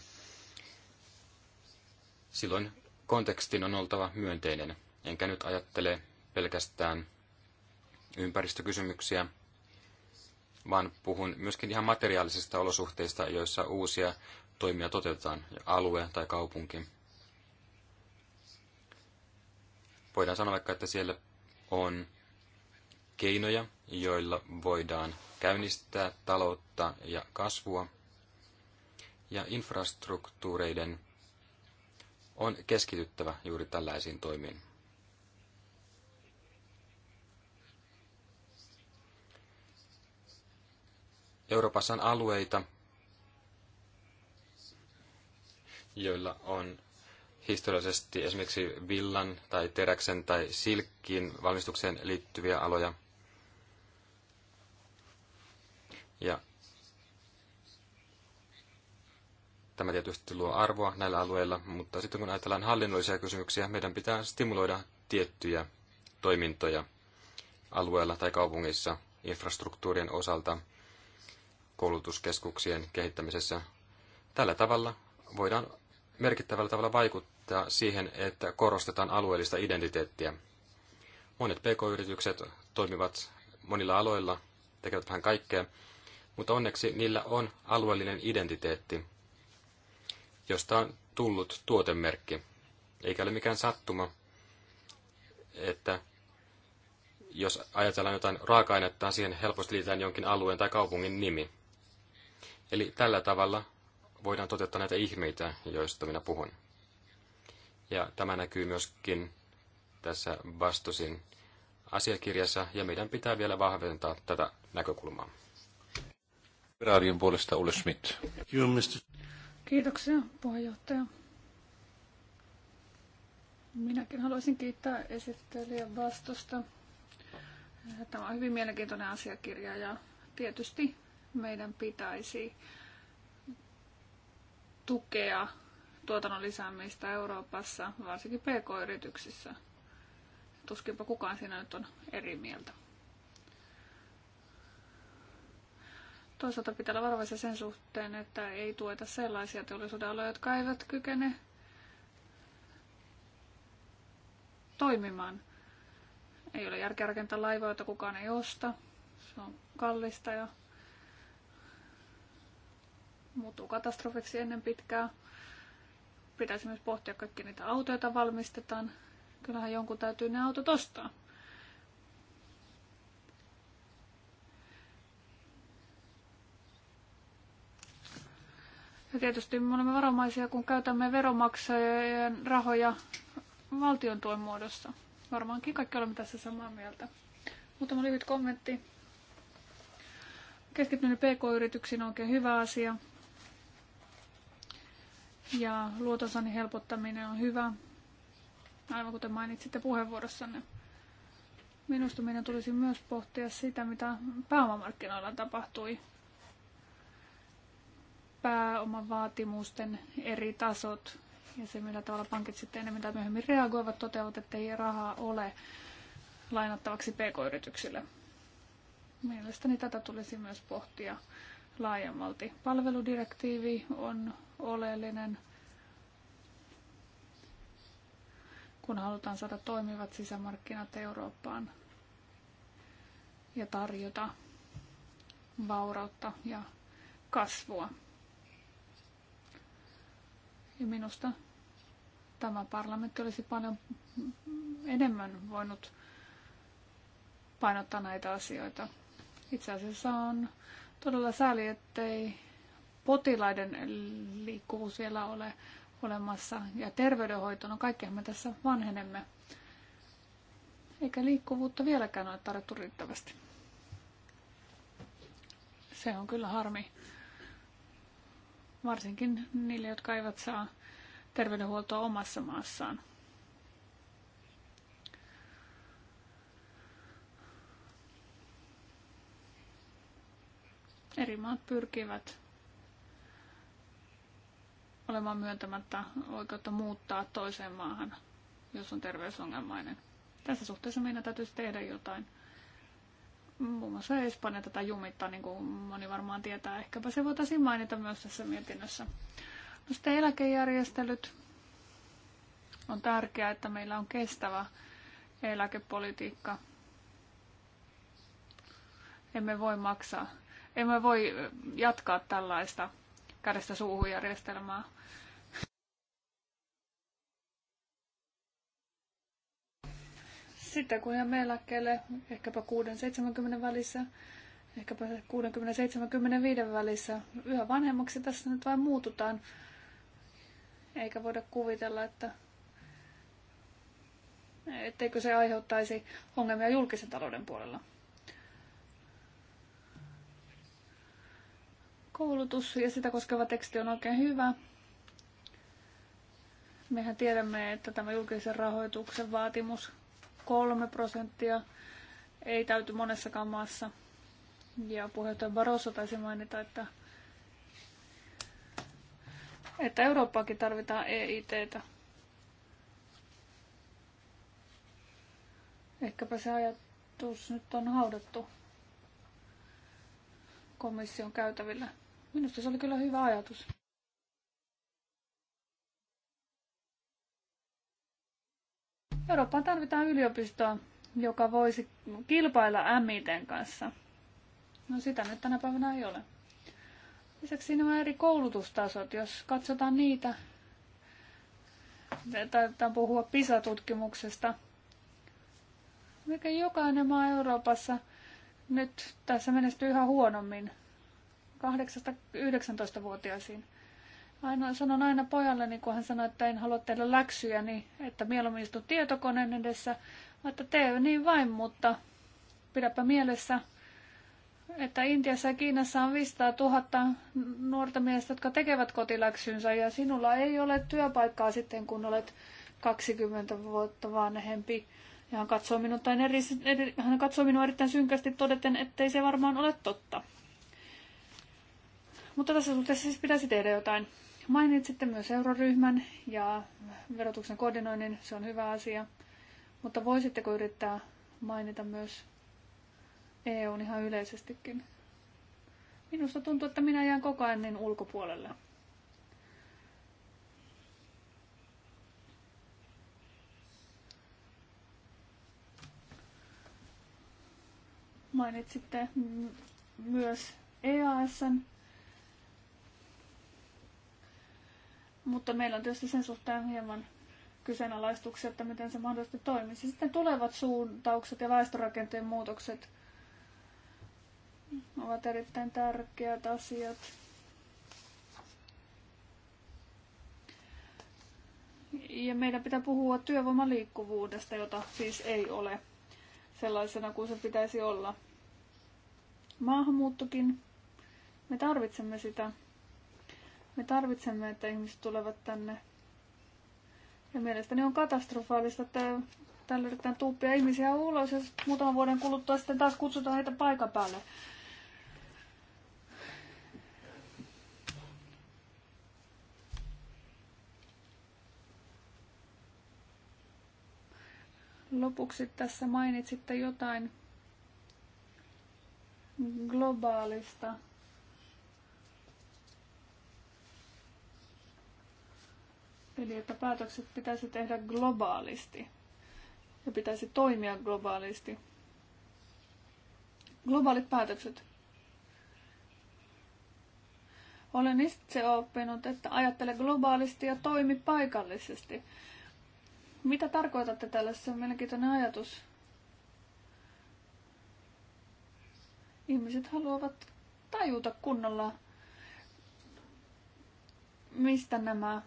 silloin kontekstin on oltava myönteinen. Enkä nyt ajattele pelkästään ympäristökysymyksiä, vaan puhun myöskin ihan materiaalisista olosuhteista, joissa uusia toimia toteutetaan, alue tai kaupunki. Voidaan sanoa vaikka, että siellä on keinoja, joilla voidaan käynnistää taloutta ja kasvua, ja infrastruktuureiden on keskityttävä juuri tällaisiin toimiin. Euroopassa on alueita, joilla on historiallisesti esimerkiksi villan tai teräksen tai silkkiin valmistukseen liittyviä aloja. Ja tämä tietysti luo arvoa näillä alueilla, mutta sitten kun ajatellaan hallinnollisia kysymyksiä, meidän pitää stimuloida tiettyjä toimintoja alueella tai kaupungissa infrastruktuurien osalta koulutuskeskuksien kehittämisessä. Tällä tavalla voidaan merkittävällä tavalla vaikuttaa siihen, että korostetaan alueellista identiteettiä. Monet pk-yritykset toimivat monilla aloilla, tekevät vähän kaikkea, mutta onneksi niillä on alueellinen identiteetti, josta on tullut tuotemerkki. Eikä ole mikään sattuma, että jos ajatellaan jotain raaka-ainetta, siihen helposti liitetään jonkin alueen tai kaupungin nimi. Eli tällä tavalla voidaan toteuttaa näitä ihmeitä, joista minä puhun. Ja tämä näkyy myöskin tässä Bastosin asiakirjassa, ja meidän pitää vielä vahventaa tätä näkökulmaa. Raadion puolesta Ulle Schmidt. Kiitoksia, puheenjohtaja. Minäkin haluaisin kiittää esittelijän vastusta. Tämä on hyvin mielenkiintoinen asiakirja ja tietysti meidän pitäisi tukea tuotannon lisäämistä Euroopassa, varsinkin PK-yrityksissä. Tuskinpa kukaan siinä nyt on eri mieltä. Toisaalta pitää olla varovaisia sen suhteen, että ei tueta sellaisia teollisuuden aloja, jotka eivät kykene toimimaan. Ei ole järkeä rakentaa laivoja, joita kukaan ei osta. Se on kallista ja muuttuu katastrofiksi ennen pitkää. Pitäisi myös pohtia kaikki niitä autoja, joita valmistetaan. Kyllähän jonkun täytyy ne autot ostaa. Ja tietysti me olemme varomaisia, kun käytämme veromaksajien rahoja valtion tuen muodossa. Varmaankin kaikki olemme tässä samaa mieltä. Muutama lyhyt kommentti. Keskittyminen PK-yrityksiin on oikein hyvä asia ja luotosannin helpottaminen on hyvä, aivan kuten mainitsitte puheenvuorossanne. Minusta meidän tulisi myös pohtia sitä, mitä pääomamarkkinoilla tapahtui. Pääoman vaatimusten eri tasot ja se, millä tavalla pankit sitten enemmän tai myöhemmin reagoivat, toteavat, että ei rahaa ole lainattavaksi pk-yrityksille. Mielestäni tätä tulisi myös pohtia laajemmalti. Palveludirektiivi on oleellinen, kun halutaan saada toimivat sisämarkkinat Eurooppaan ja tarjota vaurautta ja kasvua. Ja minusta tämä parlamentti olisi paljon enemmän voinut painottaa näitä asioita. Itse asiassa on todella sääli, ettei potilaiden liikkuvuus vielä ole olemassa ja terveydenhoito, no kaikkihan me tässä vanhenemme. Eikä liikkuvuutta vieläkään ole tarjottu riittävästi. Se on kyllä harmi. Varsinkin niille, jotka eivät saa terveydenhuoltoa omassa maassaan. Eri maat pyrkivät olemaan myöntämättä oikeutta muuttaa toiseen maahan, jos on terveysongelmainen. Tässä suhteessa meidän täytyisi tehdä jotain. Muun muassa Espanja tätä jumittaa, niin kuin moni varmaan tietää. Ehkäpä se voitaisiin mainita myös tässä mietinnössä. No sitten eläkejärjestelyt. On tärkeää, että meillä on kestävä eläkepolitiikka. Emme voi maksaa emme voi jatkaa tällaista kädestä suuhun järjestelmää. Sitten kun jäämme eläkkeelle ehkäpä 6-70 välissä, ehkäpä 60-75 välissä, yhä vanhemmaksi tässä nyt vain muututaan. Eikä voida kuvitella, että etteikö se aiheuttaisi ongelmia julkisen talouden puolella. koulutus ja sitä koskeva teksti on oikein hyvä. Mehän tiedämme, että tämä julkisen rahoituksen vaatimus 3 prosenttia ei täyty monessakaan maassa. Ja puheenjohtaja Barroso taisi mainita, että, että Eurooppaakin tarvitaan EITtä. Ehkäpä se ajatus nyt on haudattu komission käytävillä. Minusta se oli kyllä hyvä ajatus. Eurooppaan tarvitaan yliopistoa, joka voisi kilpailla MITen kanssa. No sitä nyt tänä päivänä ei ole. Lisäksi nämä eri koulutustasot, jos katsotaan niitä, taitetaan puhua PISA-tutkimuksesta. Mikä jokainen maa Euroopassa nyt tässä menestyy ihan huonommin 8-19-vuotiaisiin. Aina, sanon aina pojalle, niin kun hän sanoi, että en halua tehdä läksyjä, niin että mieluummin istu tietokoneen edessä. Mä että tee niin vain, mutta pidäpä mielessä, että Intiassa ja Kiinassa on 500 000 nuorta miestä, jotka tekevät kotiläksynsä ja sinulla ei ole työpaikkaa sitten, kun olet 20 vuotta vanhempi. Ja hän katsoo minua, eri, eri, hän katsoo minua erittäin synkästi todeten, ettei se varmaan ole totta. Mutta tässä suhteessa siis pitäisi tehdä jotain. Mainitsitte myös euroryhmän ja verotuksen koordinoinnin, se on hyvä asia. Mutta voisitteko yrittää mainita myös EUn ihan yleisestikin? Minusta tuntuu, että minä jään koko ajan niin ulkopuolelle. Mainitsitte myös EASn Mutta meillä on tietysti sen suhteen hieman kyseenalaistuksia, että miten se mahdollisesti toimisi. Sitten tulevat suuntaukset ja väestörakenteen muutokset ovat erittäin tärkeät asiat. Ja meidän pitää puhua työvoiman liikkuvuudesta, jota siis ei ole sellaisena kuin se pitäisi olla. Maahanmuuttokin, me tarvitsemme sitä me tarvitsemme, että ihmiset tulevat tänne. Ja mielestäni on katastrofaalista, että täällä yritetään tuuppia ihmisiä ulos ja muutaman vuoden kuluttua sitten taas kutsutaan heitä paikan päälle. Lopuksi tässä mainitsitte jotain globaalista Eli että päätökset pitäisi tehdä globaalisti ja pitäisi toimia globaalisti. Globaalit päätökset. Olen itse oppinut, että ajattele globaalisti ja toimi paikallisesti. Mitä tarkoitatte tällä? Se on mielenkiintoinen ajatus. Ihmiset haluavat tajuta kunnolla, mistä nämä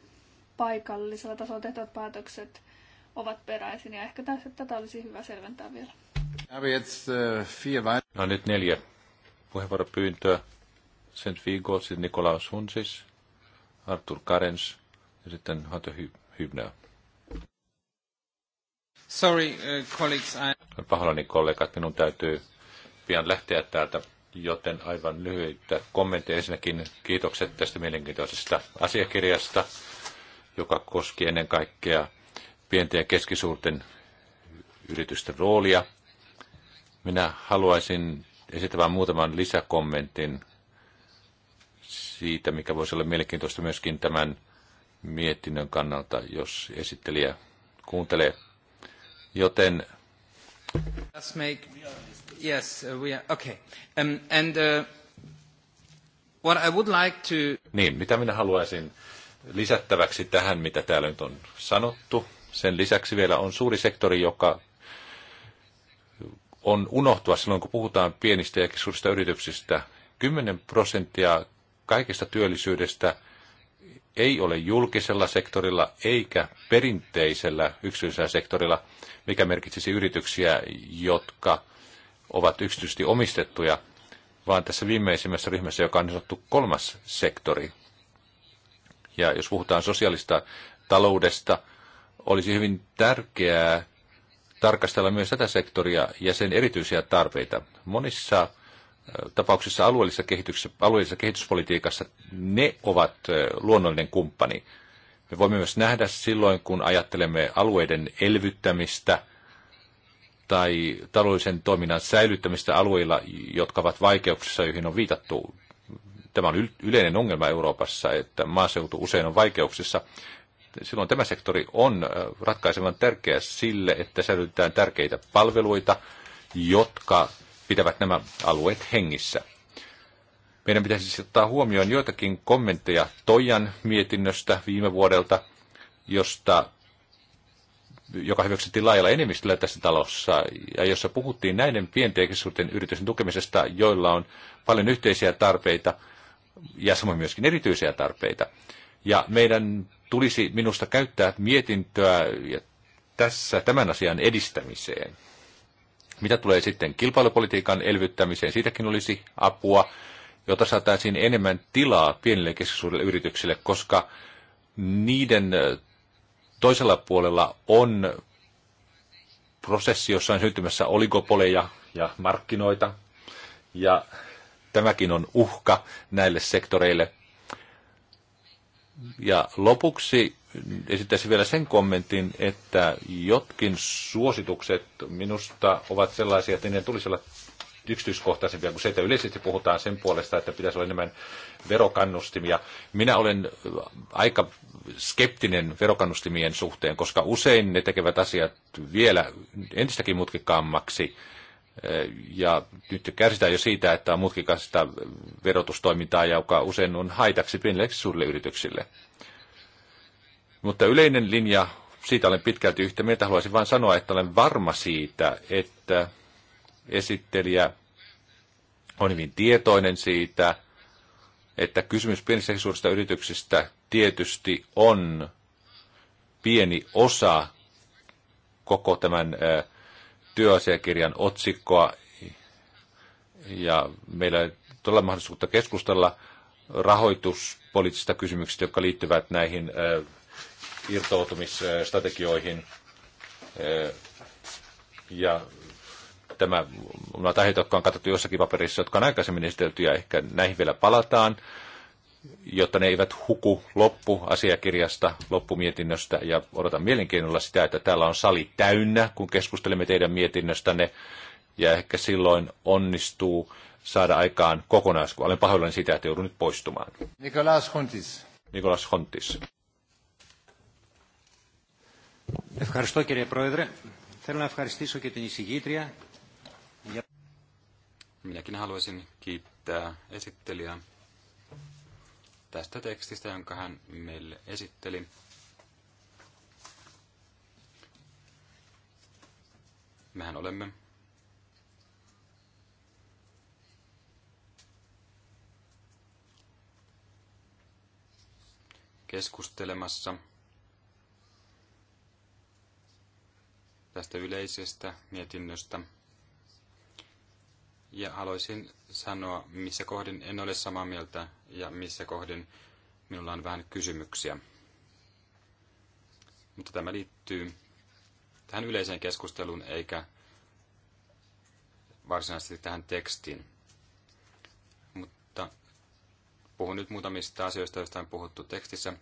paikallisella tasolla tehtävät päätökset ovat peräisin. Ja ehkä tässä, tätä olisi hyvä selventää vielä. Äh, no nyt neljä puheenvuoropyyntöä. Sent Vigo, sitten Nikolaus Hunsis, Artur Karens ja sitten Hato Hybner. Sorry, uh, colleagues, I... Pahoillani kollegat, minun täytyy pian lähteä täältä, joten aivan lyhyitä kommentteja. Ensinnäkin kiitokset tästä mielenkiintoisesta asiakirjasta joka koski ennen kaikkea pienten ja keskisuurten yritysten roolia. Minä haluaisin esittää muutaman lisäkommentin siitä, mikä voisi olla mielenkiintoista myöskin tämän mietinnön kannalta, jos esittelijä kuuntelee. Joten... Let's make... Yes, uh, we are... okay. Um, and uh, what I would like to... Niin, mitä minä haluaisin lisättäväksi tähän, mitä täällä nyt on sanottu. Sen lisäksi vielä on suuri sektori, joka on unohtua silloin, kun puhutaan pienistä ja suurista yrityksistä. 10 prosenttia kaikesta työllisyydestä ei ole julkisella sektorilla eikä perinteisellä yksityisellä sektorilla, mikä merkitsisi yrityksiä, jotka ovat yksityisesti omistettuja, vaan tässä viimeisimmässä ryhmässä, joka on niin sanottu kolmas sektori. Ja jos puhutaan sosiaalista taloudesta, olisi hyvin tärkeää tarkastella myös tätä sektoria ja sen erityisiä tarpeita. Monissa äh, tapauksissa alueellisessa, kehityksessä, alueellisessa kehityspolitiikassa ne ovat äh, luonnollinen kumppani. Me voimme myös nähdä silloin, kun ajattelemme alueiden elvyttämistä tai taloudellisen toiminnan säilyttämistä alueilla, jotka ovat vaikeuksissa, joihin on viitattu Tämä on yleinen ongelma Euroopassa, että maaseutu usein on vaikeuksissa. Silloin tämä sektori on äh, ratkaisevan tärkeä sille, että säilytetään tärkeitä palveluita, jotka pitävät nämä alueet hengissä. Meidän pitäisi siis ottaa huomioon joitakin kommentteja Toijan mietinnöstä viime vuodelta, josta, joka hyväksyttiin laajalla enemmistöllä tässä talossa, ja jossa puhuttiin näiden pienten yritysten tukemisesta, joilla on paljon yhteisiä tarpeita – ja samoin myöskin erityisiä tarpeita. Ja meidän tulisi minusta käyttää mietintöä ja tässä tämän asian edistämiseen. Mitä tulee sitten kilpailupolitiikan elvyttämiseen, siitäkin olisi apua, jota saataisiin enemmän tilaa pienille keskisuurille yrityksille, koska niiden toisella puolella on prosessi, jossa on syntymässä oligopoleja ja markkinoita. Ja tämäkin on uhka näille sektoreille. Ja lopuksi esittäisin vielä sen kommentin, että jotkin suositukset minusta ovat sellaisia, että niiden tulisi olla yksityiskohtaisempia kuin se, että yleisesti puhutaan sen puolesta, että pitäisi olla enemmän verokannustimia. Minä olen aika skeptinen verokannustimien suhteen, koska usein ne tekevät asiat vielä entistäkin mutkikkaammaksi ja nyt kärsitään jo siitä, että on mutkikasta verotustoimintaa, joka usein on haitaksi pienille suurille yrityksille. Mutta yleinen linja, siitä olen pitkälti yhtä mieltä. Haluaisin vain sanoa, että olen varma siitä, että esittelijä on hyvin tietoinen siitä, että kysymys pienistä ja suurista yrityksistä tietysti on pieni osa koko tämän äh, työasiakirjan otsikkoa ja meillä on todella mahdollisuutta keskustella rahoituspoliittisista kysymyksistä, jotka liittyvät näihin irtoutumisstrategioihin. Ja tämä, nämä aiheet, jotka on katsottu jossakin paperissa, jotka on aikaisemmin esitelty ja ehkä näihin vielä palataan jotta ne eivät huku loppuasiakirjasta, loppumietinnöstä. Ja odotan mielenkiinnolla sitä, että täällä on sali täynnä, kun keskustelemme teidän mietinnöstänne. Ja ehkä silloin onnistuu saada aikaan kokonaisku. Olen pahoillani sitä, että joudun nyt poistumaan. Nikolas Hontis. Nikolas Hontis. Minäkin haluaisin kiittää esittelijää tästä tekstistä, jonka hän meille esitteli. Mehän olemme keskustelemassa tästä yleisestä mietinnöstä – ja haluaisin sanoa, missä kohdin en ole samaa mieltä ja missä kohdin minulla on vähän kysymyksiä. Mutta tämä liittyy tähän yleiseen keskusteluun eikä varsinaisesti tähän tekstiin. Mutta puhun nyt muutamista asioista, joista on puhuttu tekstissä.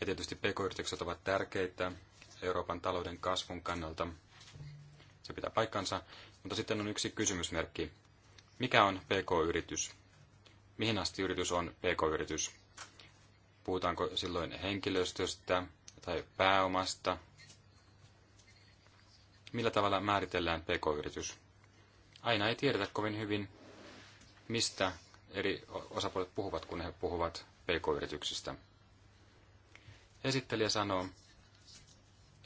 Ja tietysti pk-yritykset ovat tärkeitä Euroopan talouden kasvun kannalta. Se pitää paikkansa. Mutta sitten on yksi kysymysmerkki. Mikä on PK-yritys? Mihin asti yritys on PK-yritys? Puhutaanko silloin henkilöstöstä tai pääomasta? Millä tavalla määritellään PK-yritys? Aina ei tiedetä kovin hyvin, mistä eri osapuolet puhuvat, kun he puhuvat PK-yrityksistä. Esittelijä sanoo,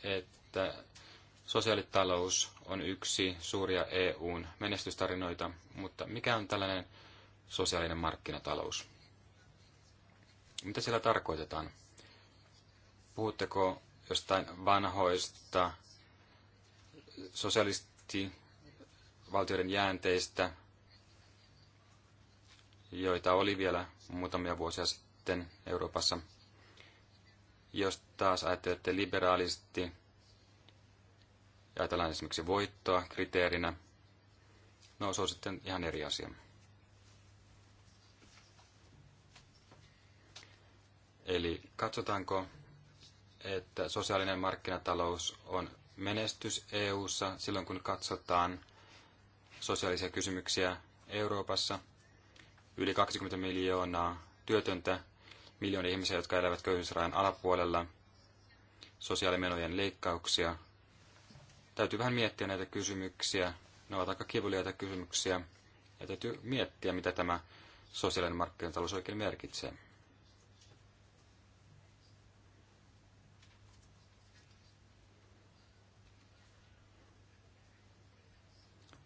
että Sosiaalitalous on yksi suuria EUn menestystarinoita, mutta mikä on tällainen sosiaalinen markkinatalous? Mitä sillä tarkoitetaan? Puhutteko jostain vanhoista sosialistivaltioiden jäänteistä, joita oli vielä muutamia vuosia sitten Euroopassa. Jos taas ajattelette liberaalisti ja ajatellaan esimerkiksi voittoa kriteerinä, no se on sitten ihan eri asia. Eli katsotaanko, että sosiaalinen markkinatalous on menestys EU:ssa silloin, kun katsotaan sosiaalisia kysymyksiä Euroopassa. Yli 20 miljoonaa työtöntä, miljoonia ihmisiä, jotka elävät köyhyysrajan alapuolella, sosiaalimenojen leikkauksia, Täytyy vähän miettiä näitä kysymyksiä. Ne ovat aika kivuliaita kysymyksiä. Ja täytyy miettiä, mitä tämä sosiaalinen markkinatalous oikein merkitsee.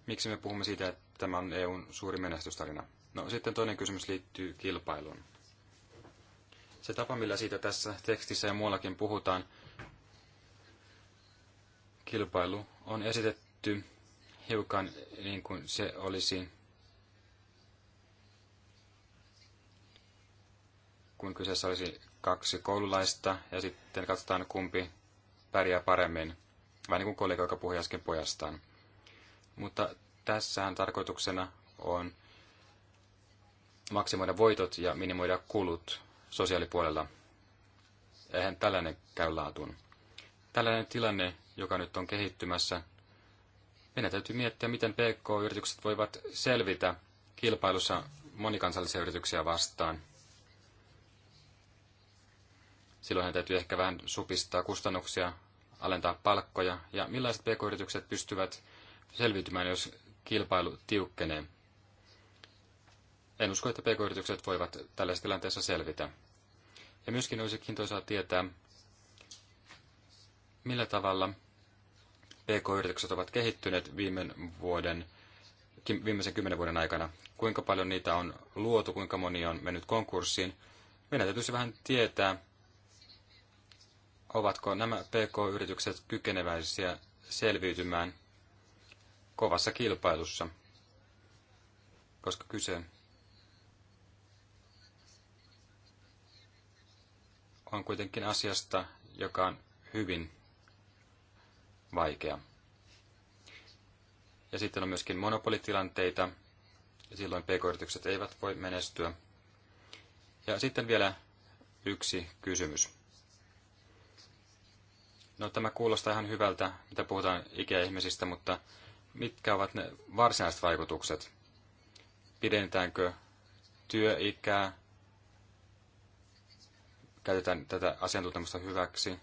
Miksi me puhumme siitä, että tämä on EUn suuri menestystarina? No sitten toinen kysymys liittyy kilpailuun. Se tapa, millä siitä tässä tekstissä ja muuallakin puhutaan, kilpailu on esitetty hiukan niin kuin se olisi, kun kyseessä olisi kaksi koululaista ja sitten katsotaan kumpi pärjää paremmin, vähän niin kuin kollega, joka puhui äsken pojastaan. Mutta tässähän tarkoituksena on maksimoida voitot ja minimoida kulut sosiaalipuolella. Eihän tällainen käy laatuun tällainen tilanne, joka nyt on kehittymässä, meidän täytyy miettiä, miten PK-yritykset voivat selvitä kilpailussa monikansallisia yrityksiä vastaan. Silloin täytyy ehkä vähän supistaa kustannuksia, alentaa palkkoja ja millaiset PK-yritykset pystyvät selviytymään, jos kilpailu tiukkenee. En usko, että PK-yritykset voivat tällaisessa tilanteessa selvitä. Ja myöskin olisi kiintoisaa tietää, millä tavalla PK-yritykset ovat kehittyneet viime vuoden, viimeisen kymmenen vuoden aikana. Kuinka paljon niitä on luotu, kuinka moni on mennyt konkurssiin. Meidän täytyisi vähän tietää, ovatko nämä PK-yritykset kykeneväisiä selviytymään kovassa kilpailussa, koska kyse on kuitenkin asiasta, joka on hyvin vaikea. Ja sitten on myöskin monopolitilanteita, ja silloin pk-yritykset eivät voi menestyä. Ja sitten vielä yksi kysymys. No tämä kuulostaa ihan hyvältä, mitä puhutaan ikäihmisistä, mutta mitkä ovat ne varsinaiset vaikutukset? Pidennetäänkö työikää? Käytetään tätä asiantuntemusta hyväksi?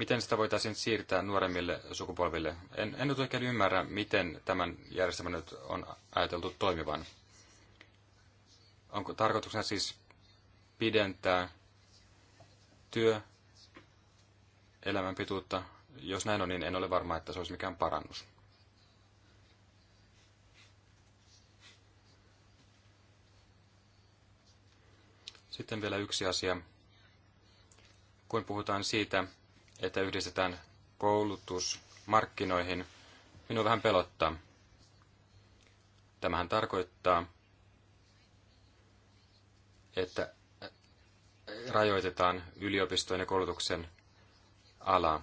miten sitä voitaisiin siirtää nuoremmille sukupolville. En, en nyt oikein ymmärrä, miten tämän järjestelmän nyt on ajateltu toimivan. Onko tarkoituksena siis pidentää työ elämänpituutta? Jos näin on, niin en ole varma, että se olisi mikään parannus. Sitten vielä yksi asia. Kun puhutaan siitä, että yhdistetään koulutus markkinoihin, minua vähän pelottaa. Tämähän tarkoittaa, että rajoitetaan yliopistojen ja koulutuksen alaa.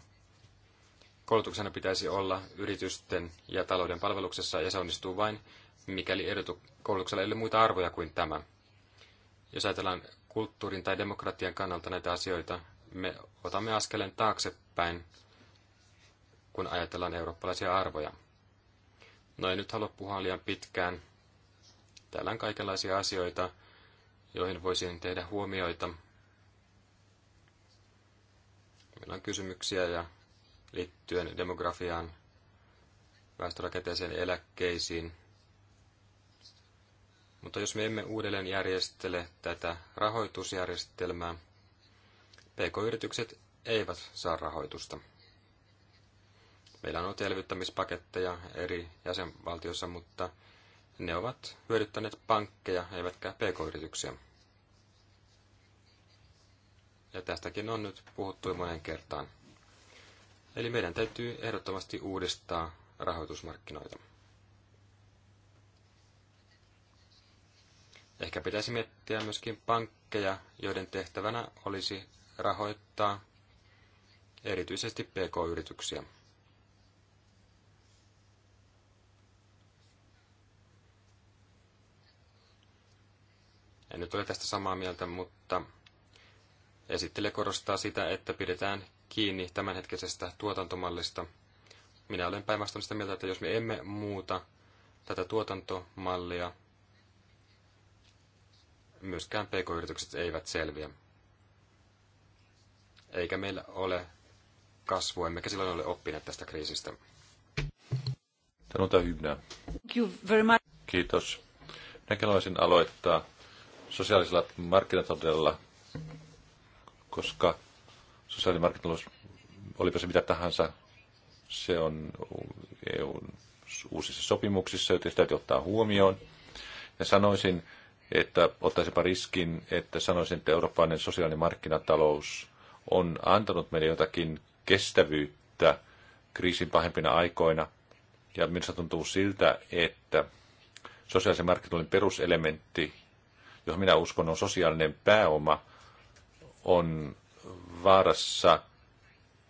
Koulutuksena pitäisi olla yritysten ja talouden palveluksessa, ja se onnistuu vain, mikäli ehdotu koulutuksella ei ole muita arvoja kuin tämä. Jos ajatellaan kulttuurin tai demokratian kannalta näitä asioita, me otamme askeleen taaksepäin, kun ajatellaan eurooppalaisia arvoja. No en nyt halua puhua liian pitkään. Täällä on kaikenlaisia asioita, joihin voisin tehdä huomioita. Meillä on kysymyksiä ja liittyen demografiaan, väestörakenteeseen eläkkeisiin. Mutta jos me emme uudelleen järjestele tätä rahoitusjärjestelmää, PK-yritykset eivät saa rahoitusta. Meillä on ollut elvyttämispaketteja eri jäsenvaltioissa, mutta ne ovat hyödyttäneet pankkeja, eivätkä pk-yrityksiä. Ja tästäkin on nyt puhuttu moneen kertaan. Eli meidän täytyy ehdottomasti uudistaa rahoitusmarkkinoita. Ehkä pitäisi miettiä myöskin pankkeja, joiden tehtävänä olisi rahoittaa erityisesti PK-yrityksiä. En nyt ole tästä samaa mieltä, mutta esittelijä korostaa sitä, että pidetään kiinni tämänhetkisestä tuotantomallista. Minä olen päinvastoin sitä mieltä, että jos me emme muuta tätä tuotantomallia, myöskään pk-yritykset eivät selviä eikä meillä ole kasvua, emmekä silloin ole oppineet tästä kriisistä. Sanotaan hyvää. Kiitos. Minäkin haluaisin aloittaa sosiaalisella markkinatodella, koska sosiaalimarkkinatalous, olipa se mitä tahansa, se on EUn uusissa sopimuksissa, joten sitä täytyy ottaa huomioon. Ja sanoisin, että ottaisinpa riskin, että sanoisin, että eurooppalainen sosiaalinen markkinatalous on antanut meille jotakin kestävyyttä kriisin pahempina aikoina. Ja minusta tuntuu siltä, että sosiaalisen markkinoinnin peruselementti, johon minä uskon, on sosiaalinen pääoma, on vaarassa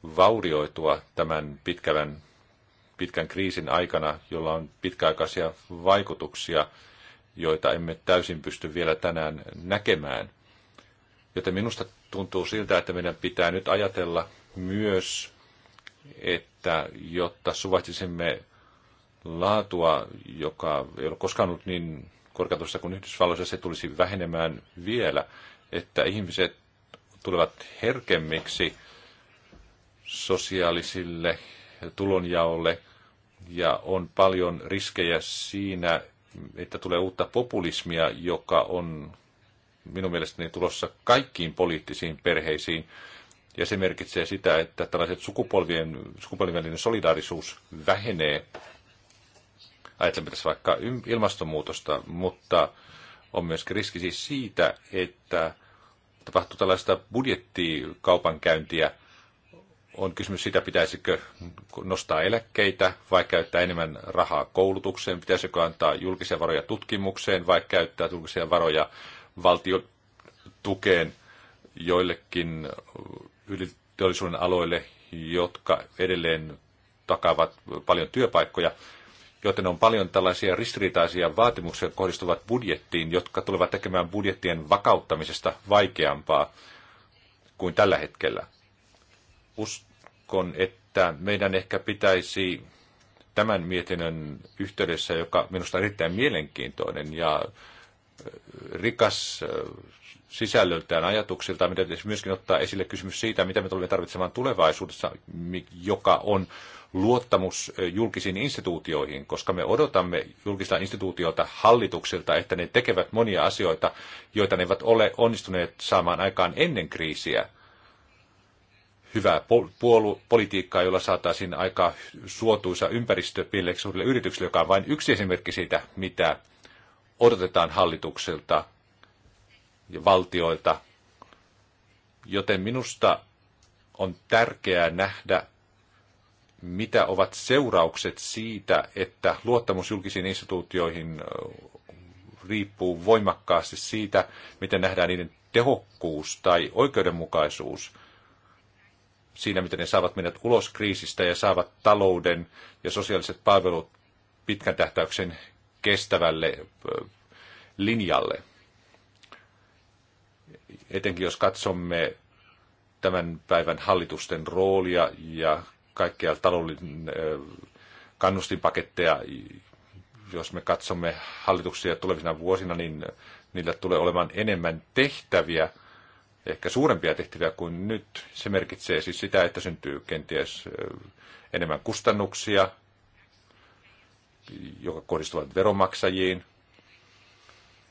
vaurioitua tämän pitkän, pitkän kriisin aikana, jolla on pitkäaikaisia vaikutuksia, joita emme täysin pysty vielä tänään näkemään. Joten minusta tuntuu siltä, että meidän pitää nyt ajatella myös, että jotta suvaitsisimme laatua, joka ei ole koskaan ollut niin korkeatusta kuin Yhdysvalloissa, se tulisi vähenemään vielä, että ihmiset tulevat herkemmiksi sosiaalisille tulonjaolle ja on paljon riskejä siinä, että tulee uutta populismia, joka on minun mielestäni tulossa kaikkiin poliittisiin perheisiin. Ja se merkitsee sitä, että tällaiset sukupolvien, sukupolvien välinen solidaarisuus vähenee. Ajattelemme tässä vaikka ilmastonmuutosta, mutta on myöskin riski siis siitä, että tapahtuu tällaista budjettikaupankäyntiä. On kysymys siitä, pitäisikö nostaa eläkkeitä vai käyttää enemmän rahaa koulutukseen, pitäisikö antaa julkisia varoja tutkimukseen vai käyttää julkisia varoja valtiotukeen joillekin yliteollisuuden aloille, jotka edelleen takaavat paljon työpaikkoja, joten on paljon tällaisia ristiriitaisia vaatimuksia, jotka kohdistuvat budjettiin, jotka tulevat tekemään budjettien vakauttamisesta vaikeampaa kuin tällä hetkellä. Uskon, että meidän ehkä pitäisi tämän mietinnön yhteydessä, joka minusta on erittäin mielenkiintoinen ja rikas sisällöltään ajatuksilta, mitä pitäisi myöskin ottaa esille kysymys siitä, mitä me tulemme tarvitsemaan tulevaisuudessa, joka on luottamus julkisiin instituutioihin, koska me odotamme julkista instituutiota hallituksilta, että ne tekevät monia asioita, joita ne eivät ole onnistuneet saamaan aikaan ennen kriisiä. Hyvää puolu- politiikkaa, jolla saataisiin aika suotuisa ympäristö pienille yrityksille, joka on vain yksi esimerkki siitä, mitä odotetaan hallitukselta ja valtioilta. Joten minusta on tärkeää nähdä, mitä ovat seuraukset siitä, että luottamus julkisiin instituutioihin riippuu voimakkaasti siitä, miten nähdään niiden tehokkuus tai oikeudenmukaisuus siinä, miten ne saavat mennä ulos kriisistä ja saavat talouden ja sosiaaliset palvelut pitkän tähtäyksen kestävälle linjalle. Etenkin jos katsomme tämän päivän hallitusten roolia ja kaikkea talouden kannustinpaketteja, jos me katsomme hallituksia tulevina vuosina, niin niillä tulee olemaan enemmän tehtäviä, ehkä suurempia tehtäviä kuin nyt. Se merkitsee siis sitä, että syntyy kenties enemmän kustannuksia, joka kohdistuvat veronmaksajiin.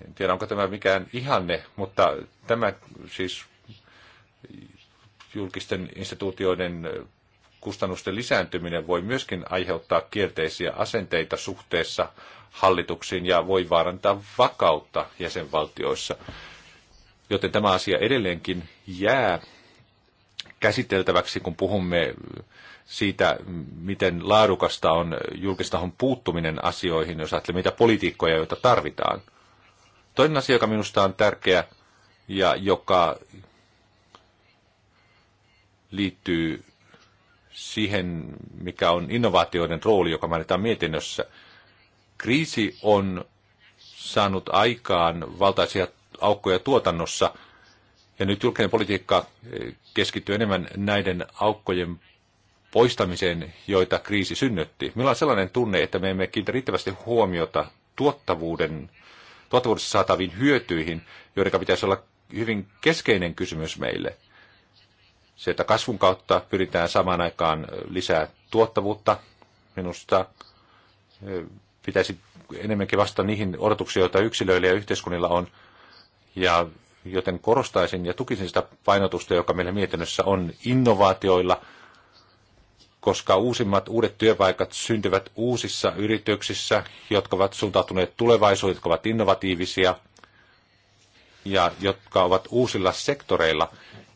En tiedä, onko tämä mikään ihanne, mutta tämä siis julkisten instituutioiden kustannusten lisääntyminen voi myöskin aiheuttaa kielteisiä asenteita suhteessa hallituksiin ja voi vaarantaa vakautta jäsenvaltioissa. Joten tämä asia edelleenkin jää käsiteltäväksi, kun puhumme siitä, miten laadukasta on julkistahon puuttuminen asioihin, jos ajattelee mitä politiikkoja, joita tarvitaan. Toinen asia, joka minusta on tärkeä ja joka liittyy siihen, mikä on innovaatioiden rooli, joka mainitaan mietinnössä. Kriisi on saanut aikaan valtaisia aukkoja tuotannossa, ja nyt julkinen politiikka eh, keskittyy enemmän näiden aukkojen poistamiseen, joita kriisi synnytti. Meillä on sellainen tunne, että me emme kiinnitä riittävästi huomiota tuottavuuden, tuottavuudessa saataviin hyötyihin, joiden pitäisi olla hyvin keskeinen kysymys meille. Se, että kasvun kautta pyritään samaan aikaan lisää tuottavuutta, minusta pitäisi enemmänkin vastata niihin odotuksiin, joita yksilöillä ja yhteiskunnilla on. Ja joten korostaisin ja tukisin sitä painotusta, joka meillä mietinnössä on innovaatioilla – koska uusimmat uudet työpaikat syntyvät uusissa yrityksissä, jotka ovat suuntautuneet tulevaisuuteen, jotka ovat innovatiivisia ja jotka ovat uusilla sektoreilla,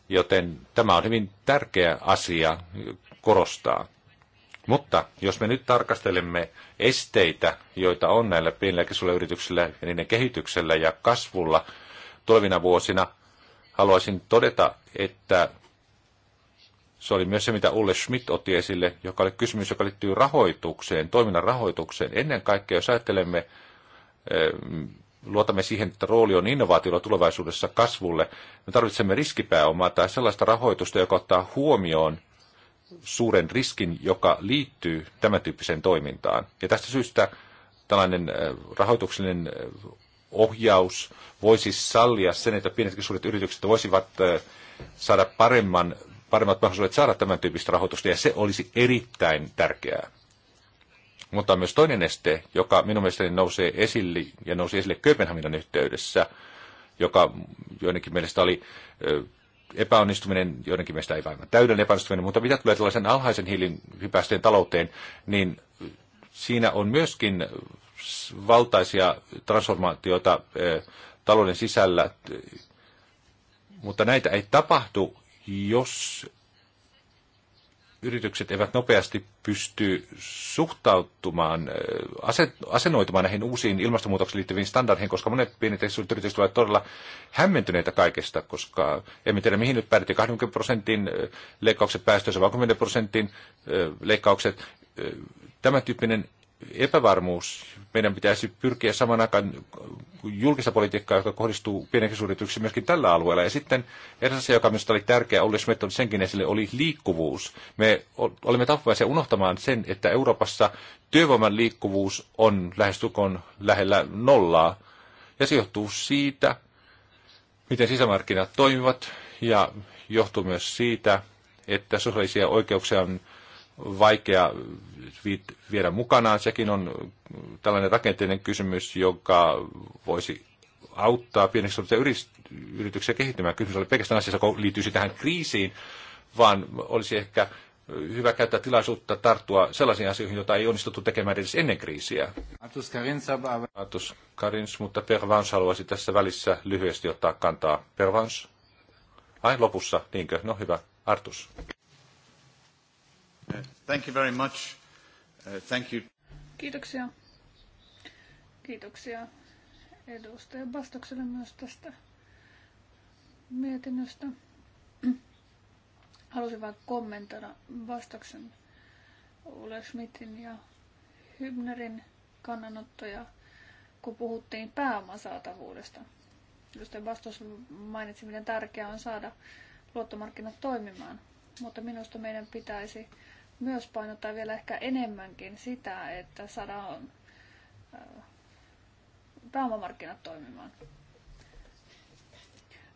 joten tämä on hyvin tärkeä asia korostaa. Mutta jos me nyt tarkastelemme esteitä, joita on näillä pienillä ja yrityksillä ja niiden kehityksellä ja kasvulla tulevina vuosina, haluaisin todeta, että se oli myös se, mitä Ulle Schmidt otti esille, joka oli kysymys, joka liittyy rahoitukseen, toiminnan rahoitukseen. Ennen kaikkea, jos ajattelemme, eh, luotamme siihen, että rooli on innovaatiolla tulevaisuudessa kasvulle, me tarvitsemme riskipääomaa tai sellaista rahoitusta, joka ottaa huomioon suuren riskin, joka liittyy tämän tyyppiseen toimintaan. Ja tästä syystä tällainen eh, rahoituksellinen eh, ohjaus voisi sallia sen, että pienet suuret yritykset voisivat saada paremman paremmat mahdollisuudet saada tämän tyyppistä rahoitusta, ja se olisi erittäin tärkeää. Mutta on myös toinen este, joka minun mielestäni nousee esille ja nousi esille Kööpenhaminan yhteydessä, joka joidenkin mielestä oli epäonnistuminen, joidenkin mielestä ei vain täydellinen epäonnistuminen, mutta mitä tulee tällaisen alhaisen hiilin hypästeen talouteen, niin siinä on myöskin valtaisia transformaatioita talouden sisällä, mutta näitä ei tapahdu jos yritykset eivät nopeasti pysty suhtautumaan, asennoitumaan näihin uusiin ilmastonmuutokseen liittyviin standardeihin, koska monet pienet yritykset ovat todella hämmentyneitä kaikesta, koska emme tiedä mihin nyt päädyttiin 20 prosentin leikkaukset päästöissä vaan 10 prosentin leikkaukset. Tämä tyyppinen epävarmuus. Meidän pitäisi pyrkiä saman aikaan julkista politiikkaa, joka kohdistuu pienenkisuudityksiin myöskin tällä alueella. Ja sitten eräs asia, joka minusta oli tärkeä, oli Smith on senkin esille, oli liikkuvuus. Me olimme tappuvaisia unohtamaan sen, että Euroopassa työvoiman liikkuvuus on lähestulkoon lähellä nollaa. Ja se johtuu siitä, miten sisämarkkinat toimivat ja johtuu myös siitä, että sosiaalisia oikeuksia on vaikea viedä mukanaan. Sekin on tällainen rakenteellinen kysymys, joka voisi auttaa pieneksi yrityksiä kehittymään. Kysymys oli pelkästään asiassa, kun liittyisi tähän kriisiin, vaan olisi ehkä hyvä käyttää tilaisuutta tarttua sellaisiin asioihin, joita ei onnistuttu tekemään edes ennen kriisiä. Atus Karins, mutta Pervans haluaisi tässä välissä lyhyesti ottaa kantaa. Pervans? Ai lopussa, niinkö? No hyvä. Artus. Thank you very much. Uh, thank you. Kiitoksia. Kiitoksia edustaja Bastokselle myös tästä mietinnöstä. Halusin vain kommentoida Bastoksen Ole Schmidtin ja Hybnerin kannanottoja, kun puhuttiin pääoman saatavuudesta. Edustaja Bastos mainitsi, miten tärkeää on saada luottomarkkinat toimimaan, mutta minusta meidän pitäisi myös painottaa vielä ehkä enemmänkin sitä, että saadaan äh, pääomamarkkinat toimimaan.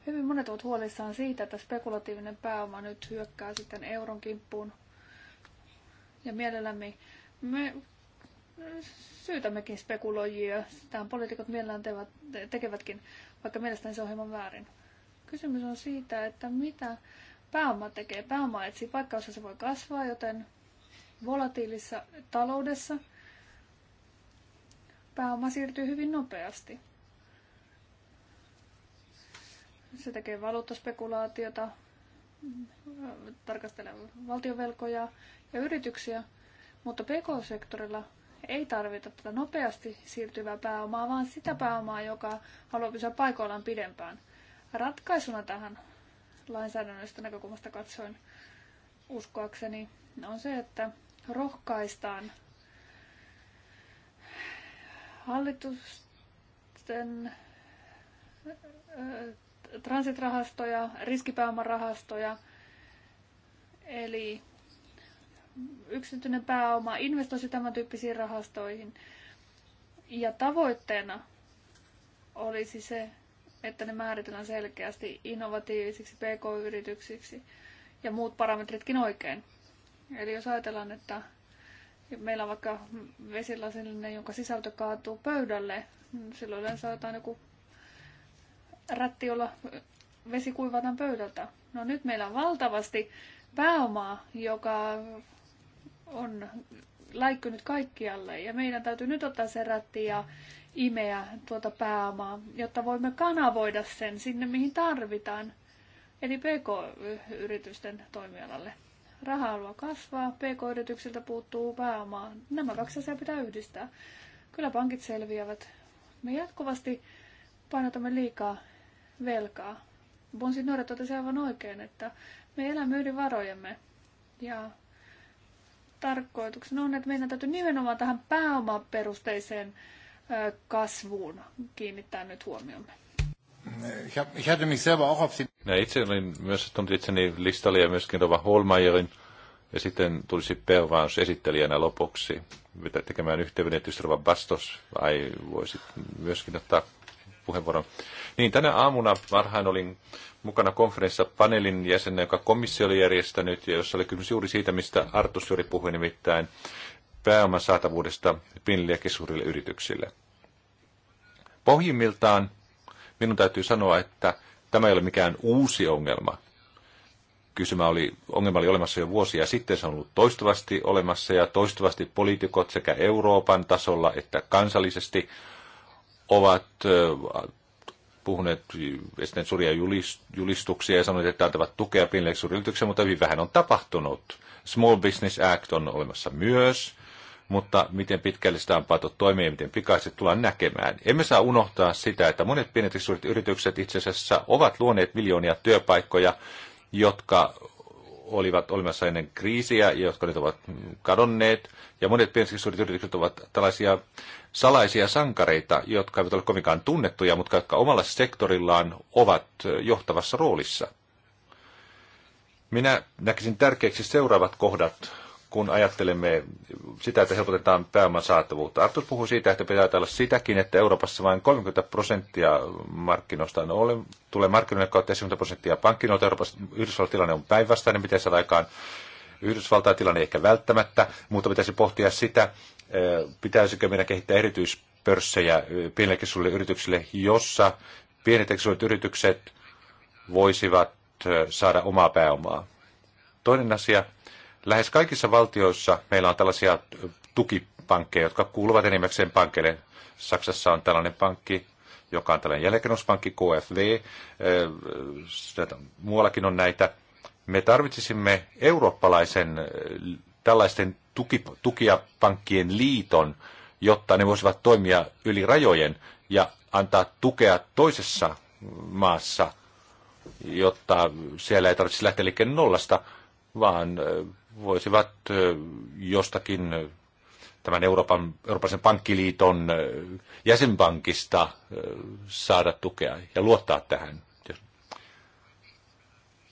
Hyvin monet ovat huolissaan siitä, että spekulatiivinen pääoma nyt hyökkää sitten euron kimppuun. Ja mielellämme me syytämmekin spekuloijia. Tähän poliitikot mielellään tevät, tekevätkin, vaikka mielestäni se on hieman väärin. Kysymys on siitä, että mitä pääoma tekee. Pääoma etsii paikkaa, jossa se voi kasvaa, joten volatiilissa taloudessa pääoma siirtyy hyvin nopeasti. Se tekee valuuttaspekulaatiota, tarkastelee valtionvelkoja ja yrityksiä, mutta PK-sektorilla ei tarvita tätä nopeasti siirtyvää pääomaa, vaan sitä pääomaa, joka haluaa pysyä paikoillaan pidempään. Ratkaisuna tähän lainsäädännöstä näkökulmasta katsoen uskoakseni, on se, että rohkaistaan hallitusten transitrahastoja, riskipääomarahastoja, eli yksityinen pääoma investoisi tämän tyyppisiin rahastoihin. Ja tavoitteena olisi se, että ne määritellään selkeästi innovatiivisiksi pk-yrityksiksi ja muut parametritkin oikein. Eli jos ajatellaan, että meillä on vaikka vesilasillinen, jonka sisältö kaatuu pöydälle, niin silloin yleensä otetaan joku rätti, jolla vesi kuivataan pöydältä. No nyt meillä on valtavasti pääomaa, joka on läikkynyt kaikkialle ja meidän täytyy nyt ottaa se rätti ja imeä tuota pääomaa, jotta voimme kanavoida sen sinne, mihin tarvitaan, eli pk-yritysten toimialalle. Raha haluaa kasvaa, pk-yrityksiltä puuttuu pääomaa. Nämä kaksi asiaa pitää yhdistää. Kyllä pankit selviävät. Me jatkuvasti painotamme liikaa velkaa. Bonsi siis nuoret totesi aivan oikein, että me elämme yli varojemme. Ja tarkoituksena on, että meidän täytyy nimenomaan tähän pääomaperusteiseen perusteiseen kasvuun kiinnittää nyt huomiomme. Minä itse olin myös tuntut itseni listalle ja myöskin Rova Holmeierin, ja sitten tulisi Pervaus esittelijänä lopuksi mitä tekemään yhteyden, että Rova Bastos, vai voisit myöskin ottaa puheenvuoron. Niin, tänä aamuna varhain olin mukana konferenssissa paneelin jäsenä, joka komissio oli järjestänyt, ja jossa oli kysymys juuri siitä, mistä Artus juuri puhui, nimittäin pääoman saatavuudesta pienille ja keskisuurille yrityksille. Pohjimmiltaan minun täytyy sanoa, että tämä ei ole mikään uusi ongelma. Kysymä oli, ongelma oli olemassa jo vuosia sitten, se on ollut toistuvasti olemassa ja toistuvasti poliitikot sekä Euroopan tasolla että kansallisesti ovat puhuneet, esineet suuria julistuksia ja sanoneet, että antavat tukea pienille mutta hyvin vähän on tapahtunut. Small Business Act on olemassa myös mutta miten pitkälle sitä on pantu toimia, miten pikaisesti tullaan näkemään. Emme saa unohtaa sitä, että monet pienet ja suuret yritykset itse asiassa ovat luoneet miljoonia työpaikkoja, jotka olivat olemassa ennen kriisiä ja jotka nyt ovat kadonneet. Ja monet pienet ja suuret yritykset ovat tällaisia salaisia sankareita, jotka eivät ole kovinkaan tunnettuja, mutta jotka omalla sektorillaan ovat johtavassa roolissa. Minä näkisin tärkeäksi seuraavat kohdat kun ajattelemme sitä, että helpotetaan pääoman saatavuutta. Artur puhuu siitä, että pitää ajatella sitäkin, että Euroopassa vain 30 prosenttia markkinoista on ole, tulee markkinoille kautta 70 prosenttia pankkinoilta. Euroopassa Yhdysvallan tilanne on päinvastainen, miten saada aikaan Yhdysvaltain tilanne ehkä välttämättä, mutta pitäisi pohtia sitä, pitäisikö meidän kehittää erityispörssejä pienille yrityksille, jossa pienet yritykset voisivat saada omaa pääomaa. Toinen asia, Lähes kaikissa valtioissa meillä on tällaisia tukipankkeja, jotka kuuluvat enimmäkseen pankkeille. Saksassa on tällainen pankki, joka on tällainen jälkennuspankki KFV. Muuallakin on näitä. Me tarvitsisimme eurooppalaisen tällaisten tuki, tukia pankkien liiton, jotta ne voisivat toimia yli rajojen ja antaa tukea toisessa maassa, jotta siellä ei tarvitsisi lähteä liikkeelle nollasta, vaan voisivat jostakin tämän Euroopan, Euroopan pankkiliiton jäsenpankista saada tukea ja luottaa tähän.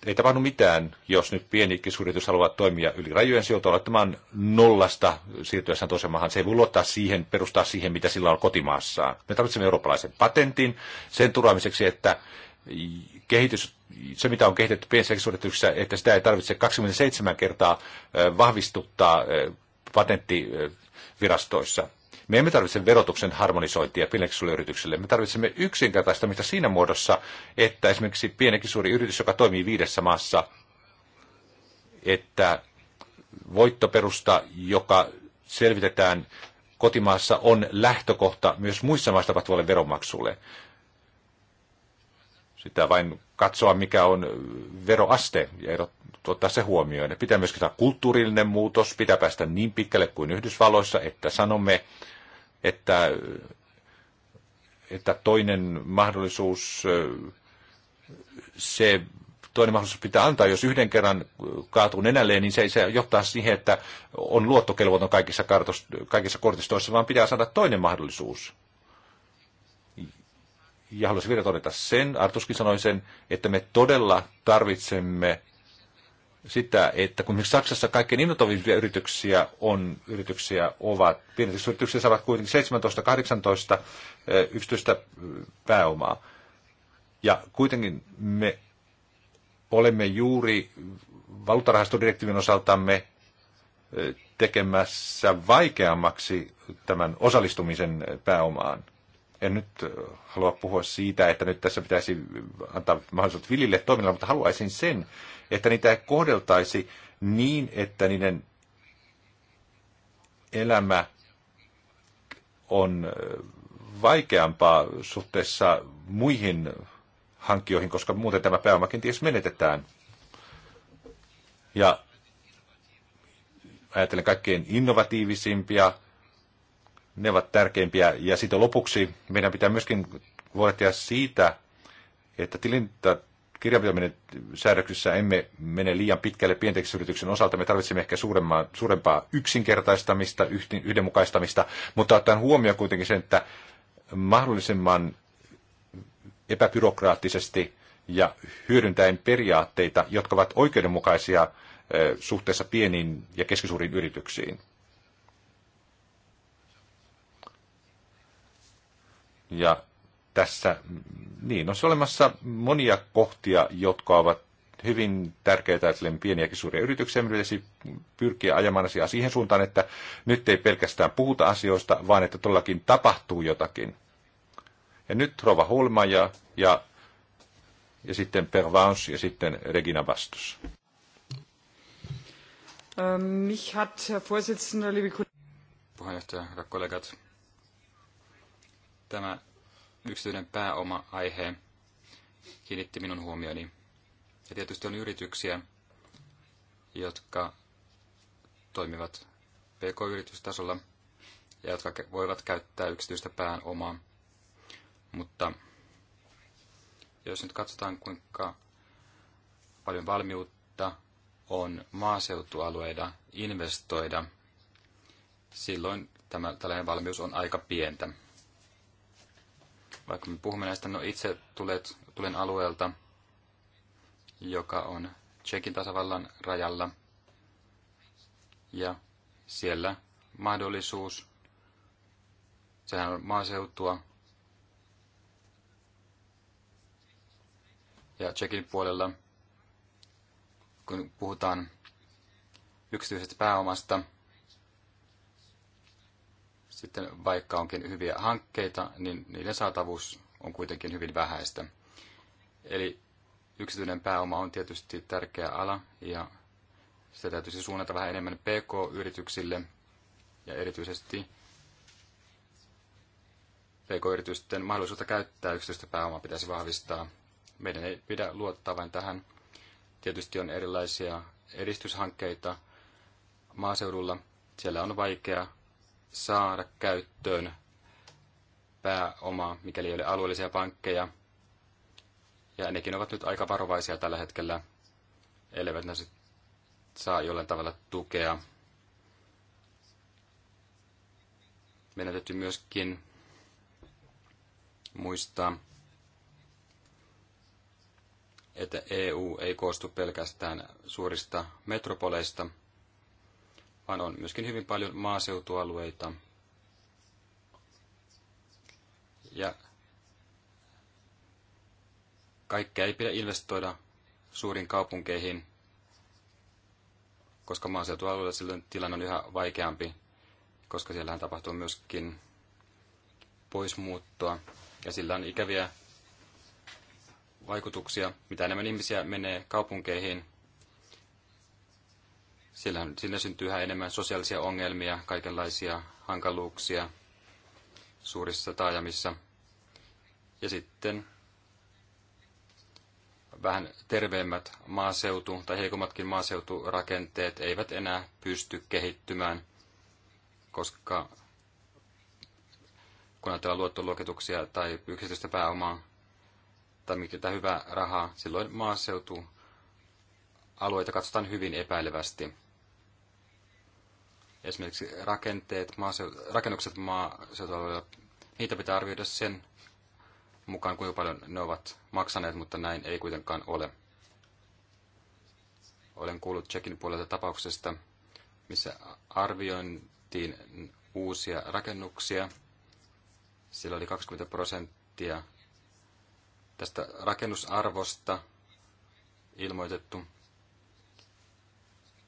Ei tapahdu mitään, jos nyt pieni keskusyritys haluaa toimia yli rajojen, sijoittaa joutuu nollasta siirtyessään toiseen maahan. Se ei voi luottaa siihen, perustaa siihen, mitä sillä on kotimaassaan. Me tarvitsemme eurooppalaisen patentin sen turvaamiseksi, että kehitys se, mitä on kehitetty pienissä yrityksissä, että sitä ei tarvitse 27 kertaa vahvistuttaa patenttivirastoissa. Me emme tarvitse verotuksen harmonisointia pienekin yritykselle. Me tarvitsemme yksinkertaistamista siinä muodossa, että esimerkiksi pienekin suuri yritys, joka toimii viidessä maassa, että voittoperusta, joka selvitetään kotimaassa, on lähtökohta myös muissa maissa tapahtuvalle veronmaksulle sitä vain katsoa, mikä on veroaste ja ottaa se huomioon. Ja pitää myöskin saada kulttuurillinen muutos, pitää päästä niin pitkälle kuin Yhdysvalloissa, että sanomme, että, että toinen mahdollisuus, se toinen mahdollisuus pitää antaa, jos yhden kerran kaatuu nenälleen, niin se, se johtaa siihen, että on luottokelvoton kaikissa, kaikissa kortistoissa, vaan pitää saada toinen mahdollisuus. Ja haluaisin vielä todeta sen, Artuskin sanoi sen, että me todella tarvitsemme sitä, että kun Saksassa kaikkein innoittavimpia yrityksiä on, yrityksiä ovat, pienet yrityksiä saavat kuitenkin 17-18 yksityistä pääomaa. Ja kuitenkin me olemme juuri valuuttarahastodirektiivin osaltamme tekemässä vaikeammaksi tämän osallistumisen pääomaan en nyt äh, halua puhua siitä, että nyt tässä pitäisi antaa mahdollisuudet vilille toiminnalle, mutta haluaisin sen, että niitä kohdeltaisi niin, että niiden elämä on äh, vaikeampaa suhteessa muihin hankkijoihin, koska muuten tämä pääoma kenties menetetään. Ja ajattelen kaikkein innovatiivisimpia ne ovat tärkeimpiä. Ja sitten lopuksi meidän pitää myöskin huolehtia siitä, että tilintä kirjanpitoiminen säädöksissä emme mene liian pitkälle pientekisyrityksen osalta. Me tarvitsemme ehkä suurempaa, suurempaa yksinkertaistamista, yhdenmukaistamista, mutta ottaen huomioon kuitenkin sen, että mahdollisimman epäbyrokraattisesti ja hyödyntäen periaatteita, jotka ovat oikeudenmukaisia suhteessa pieniin ja keskisuuriin yrityksiin. Ja tässä niin, on olemassa monia kohtia, jotka ovat hyvin tärkeitä että pieniäkin suuria yrityksiä. pyrkii pyrkiä ajamaan asiaa siihen suuntaan, että nyt ei pelkästään puhuta asioista, vaan että todellakin tapahtuu jotakin. Ja nyt Rova Hulma ja, ja, ja sitten Pervans ja sitten Regina vastus. Ähm, mich hat, Herr Vorsitzender, liebe Puheenjohtaja, hyvät kollegat, tämä yksityinen pääoma-aihe kiinnitti minun huomioni. Ja tietysti on yrityksiä, jotka toimivat pk-yritystasolla ja jotka voivat käyttää yksityistä pääomaa. Mutta jos nyt katsotaan, kuinka paljon valmiutta on maaseutualueida investoida, silloin tämä, tällainen valmius on aika pientä. Vaikka me puhumme näistä, no itse tulet, tulen alueelta, joka on Tsekin tasavallan rajalla. Ja siellä mahdollisuus, sehän on maaseutua. Ja Tsekin puolella, kun puhutaan yksityisestä pääomasta, sitten vaikka onkin hyviä hankkeita, niin niiden saatavuus on kuitenkin hyvin vähäistä. Eli yksityinen pääoma on tietysti tärkeä ala ja sitä täytyisi suunnata vähän enemmän PK-yrityksille ja erityisesti PK-yritysten mahdollisuutta käyttää yksityistä pääomaa pitäisi vahvistaa. Meidän ei pidä luottaa vain tähän. Tietysti on erilaisia edistyshankkeita maaseudulla. Siellä on vaikea saada käyttöön pääomaa, mikäli ei ole alueellisia pankkeja. Ja nekin ovat nyt aika varovaisia tällä hetkellä, elleivät ne saa jollain tavalla tukea. Meidän täytyy myöskin muistaa, että EU ei koostu pelkästään suurista metropoleista – vaan on myöskin hyvin paljon maaseutualueita. Ja kaikkea ei pidä investoida suuriin kaupunkeihin, koska maaseutualueilla silloin tilanne on yhä vaikeampi, koska siellähän tapahtuu myöskin poismuuttoa ja sillä on ikäviä vaikutuksia. Mitä enemmän ihmisiä menee kaupunkeihin, Siellähän, sinne syntyy yhä enemmän sosiaalisia ongelmia, kaikenlaisia hankaluuksia suurissa taajamissa. Ja sitten vähän terveemmät maaseutu- tai heikommatkin maaseuturakenteet eivät enää pysty kehittymään, koska kun ajatellaan luottoluokituksia tai yksityistä pääomaa tai mikä hyvää rahaa, silloin maaseutu alueita katsotaan hyvin epäilevästi. Esimerkiksi rakenteet, rakennukset maaseutualueilla, niitä pitää arvioida sen mukaan, kuinka paljon ne ovat maksaneet, mutta näin ei kuitenkaan ole. Olen kuullut Tsekin puolelta tapauksesta, missä arviointiin uusia rakennuksia. Siellä oli 20 prosenttia tästä rakennusarvosta ilmoitettu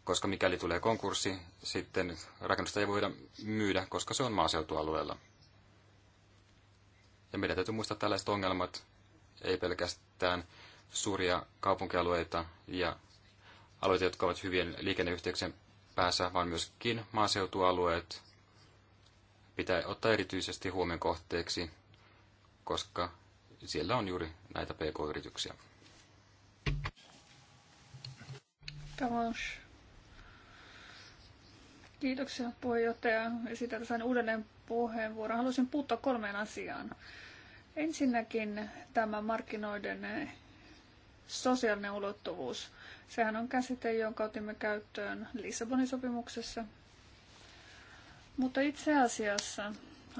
koska mikäli tulee konkurssi, sitten rakennusta ei voida myydä, koska se on maaseutualueella. Ja meidän täytyy muistaa tällaiset ongelmat, ei pelkästään suuria kaupunkialueita ja alueita, jotka ovat hyvien liikenneyhteyksien päässä, vaan myöskin maaseutualueet pitää ottaa erityisesti huomioon kohteeksi, koska siellä on juuri näitä pk-yrityksiä. Tavash. Kiitoksia puheenjohtaja. Esitän sain uudelleen puheenvuoron. Haluaisin puuttua kolmeen asiaan. Ensinnäkin tämä markkinoiden sosiaalinen ulottuvuus. Sehän on käsite, jonka otimme käyttöön Lissabonin sopimuksessa. Mutta itse asiassa,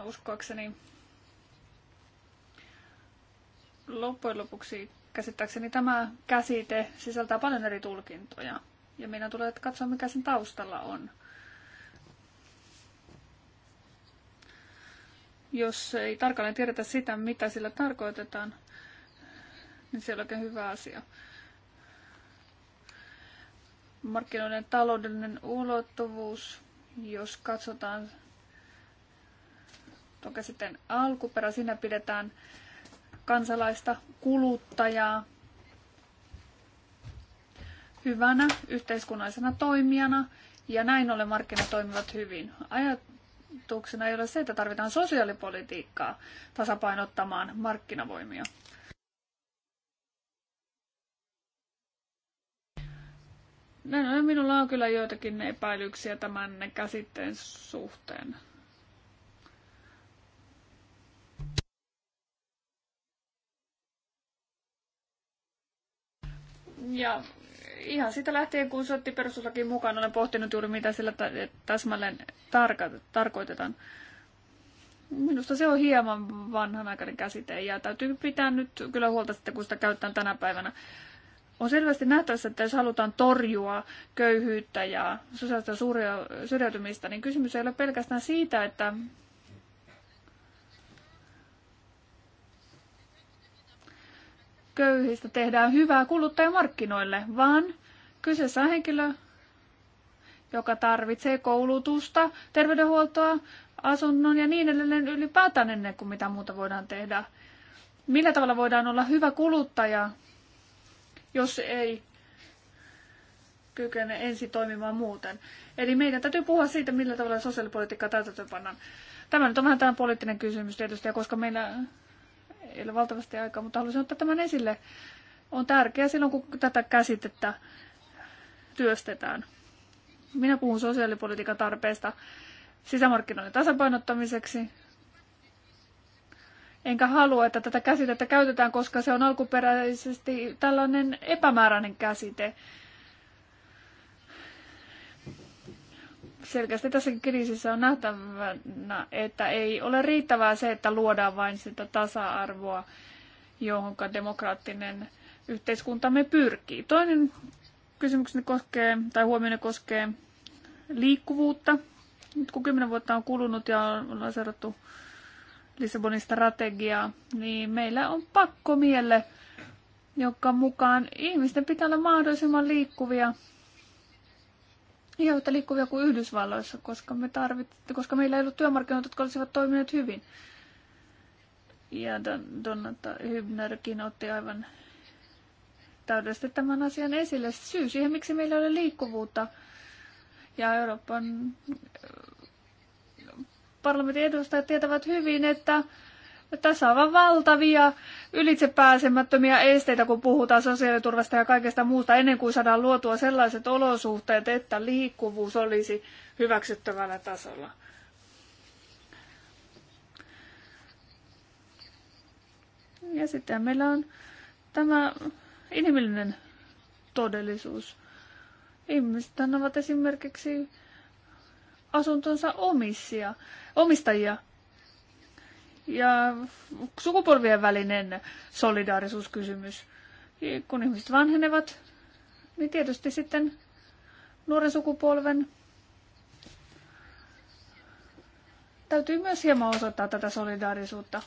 uskoakseni, loppujen lopuksi käsittääkseni tämä käsite sisältää paljon eri tulkintoja. Ja minä tulee katsoa, mikä sen taustalla on. jos ei tarkalleen tiedetä sitä, mitä sillä tarkoitetaan, niin se on oikein hyvä asia. Markkinoiden taloudellinen ulottuvuus, jos katsotaan toki sitten alkuperä, siinä pidetään kansalaista kuluttajaa hyvänä yhteiskunnallisena toimijana, ja näin ollen markkinat toimivat hyvin. Ajat, ajatuksena ei ole se, että tarvitaan sosiaalipolitiikkaa tasapainottamaan markkinavoimia. Näin no, no, ollen minulla on kyllä joitakin epäilyksiä tämän käsitteen suhteen. Ja ihan sitä lähtien, kun se otti perustuslakiin mukaan, olen pohtinut juuri, mitä sillä täsmälleen tarka- tarkoitetaan. Minusta se on hieman vanhanaikainen käsite ja täytyy pitää nyt kyllä huolta sitten, kun sitä käytetään tänä päivänä. On selvästi nähtävissä, että jos halutaan torjua köyhyyttä ja sosiaalista syrjäytymistä, niin kysymys ei ole pelkästään siitä, että köyhistä tehdään hyvää kuluttajamarkkinoille, vaan kyseessä on henkilö, joka tarvitsee koulutusta, terveydenhuoltoa, asunnon ja niin edelleen ylipäätään ennen kuin mitä muuta voidaan tehdä. Millä tavalla voidaan olla hyvä kuluttaja, jos ei kykene ensi toimimaan muuten. Eli meidän täytyy puhua siitä, millä tavalla sosiaalipolitiikkaa pannaan. Tämä nyt on vähän tämä poliittinen kysymys tietysti, ja koska meillä ei ole valtavasti aikaa, mutta haluaisin ottaa tämän esille. On tärkeää silloin, kun tätä käsitettä työstetään. Minä puhun sosiaalipolitiikan tarpeesta sisämarkkinoiden tasapainottamiseksi. Enkä halua, että tätä käsitettä käytetään, koska se on alkuperäisesti tällainen epämääräinen käsite. selkeästi tässä kriisissä on nähtävänä, että ei ole riittävää se, että luodaan vain sitä tasa-arvoa, johon demokraattinen yhteiskuntamme pyrkii. Toinen kysymykseni koskee, tai huomioon koskee liikkuvuutta. Nyt kun kymmenen vuotta on kulunut ja ollaan seurattu Lissabonin strategiaa, niin meillä on pakko mielle, joka mukaan ihmisten pitää olla mahdollisimman liikkuvia ja yhtä liikkuvia kuin Yhdysvalloissa, koska, me tarvit, koska meillä ei ollut työmarkkinoita, jotka olisivat toimineet hyvin. Ja Donata Hybnerkin otti aivan täydellisesti tämän asian esille. Syy siihen, miksi meillä ei ole liikkuvuutta ja Euroopan eh, parlamentin edustajat tietävät hyvin, että tässä on valtavia ylitsepääsemättömiä esteitä, kun puhutaan sosiaaliturvasta ja kaikesta muusta, ennen kuin saadaan luotua sellaiset olosuhteet, että liikkuvuus olisi hyväksyttävällä tasolla. Ja sitten meillä on tämä inhimillinen todellisuus. Ihmiset ovat esimerkiksi asuntonsa omissia, omistajia ja sukupolvien välinen solidaarisuuskysymys. Kun ihmiset vanhenevat, niin tietysti sitten nuoren sukupolven täytyy myös hieman osoittaa tätä solidaarisuutta.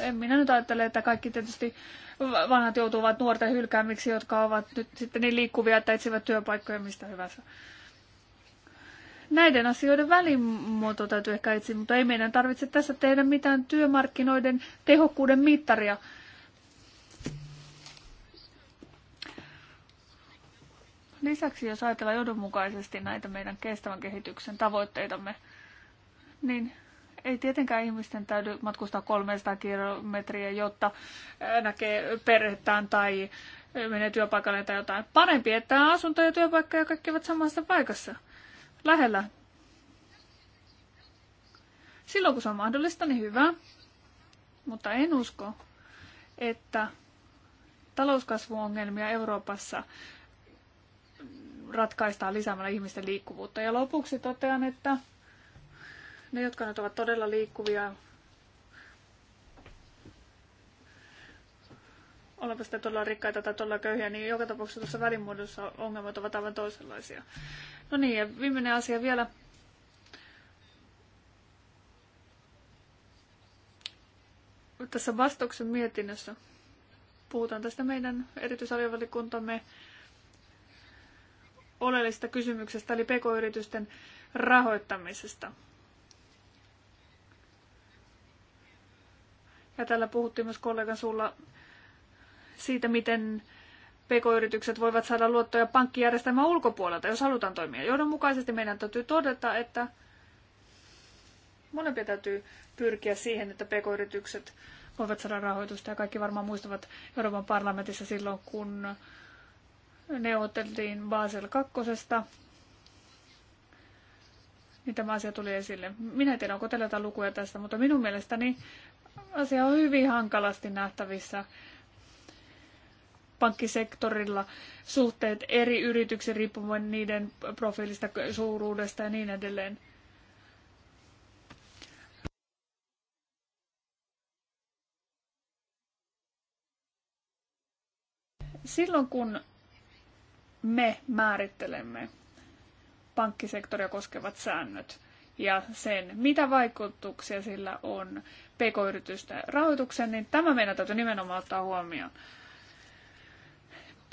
En minä nyt ajattele, että kaikki tietysti vanhat joutuvat nuorten hylkäämiksi, jotka ovat nyt sitten niin liikkuvia, että etsivät työpaikkoja mistä hyvänsä näiden asioiden välimuoto täytyy ehkä etsiä, mutta ei meidän tarvitse tässä tehdä mitään työmarkkinoiden tehokkuuden mittaria. Lisäksi jos ajatellaan johdonmukaisesti näitä meidän kestävän kehityksen tavoitteitamme, niin ei tietenkään ihmisten täydy matkustaa 300 kilometriä, jotta näkee perhettään tai menee työpaikalle tai jotain. Parempi, että on asunto ja työpaikka ja kaikki ovat samassa paikassa lähellä. Silloin kun se on mahdollista, niin hyvä. Mutta en usko, että talouskasvuongelmia Euroopassa ratkaistaan lisäämällä ihmisten liikkuvuutta. Ja lopuksi totean, että ne, jotka nyt ovat todella liikkuvia, ollaanpa sitä todella rikkaita tai todella köyhiä, niin joka tapauksessa tuossa välimuodossa ongelmat ovat aivan toisenlaisia. No niin, ja viimeinen asia vielä. Tässä vastauksen mietinnössä puhutaan tästä meidän erityisalivalikuntamme oleellisesta kysymyksestä, eli pk-yritysten rahoittamisesta. Ja tällä puhuttiin myös kollegan sulla siitä, miten PK-yritykset voivat saada luottoja pankkijärjestelmän ulkopuolelta, jos halutaan toimia. Johdonmukaisesti meidän täytyy todeta, että molempia täytyy pyrkiä siihen, että PK-yritykset voivat saada rahoitusta. Ja kaikki varmaan muistavat Euroopan parlamentissa silloin, kun neuvoteltiin Basel kakkosesta, niin tämä asia tuli esille. Minä en tiedä, onko teillä lukuja tästä, mutta minun mielestäni asia on hyvin hankalasti nähtävissä pankkisektorilla suhteet eri yrityksiin riippuen niiden profiilista, suuruudesta ja niin edelleen. Silloin kun me määrittelemme pankkisektoria koskevat säännöt ja sen, mitä vaikutuksia sillä on pk-yritysten rahoitukseen, niin tämä meidän täytyy nimenomaan ottaa huomioon.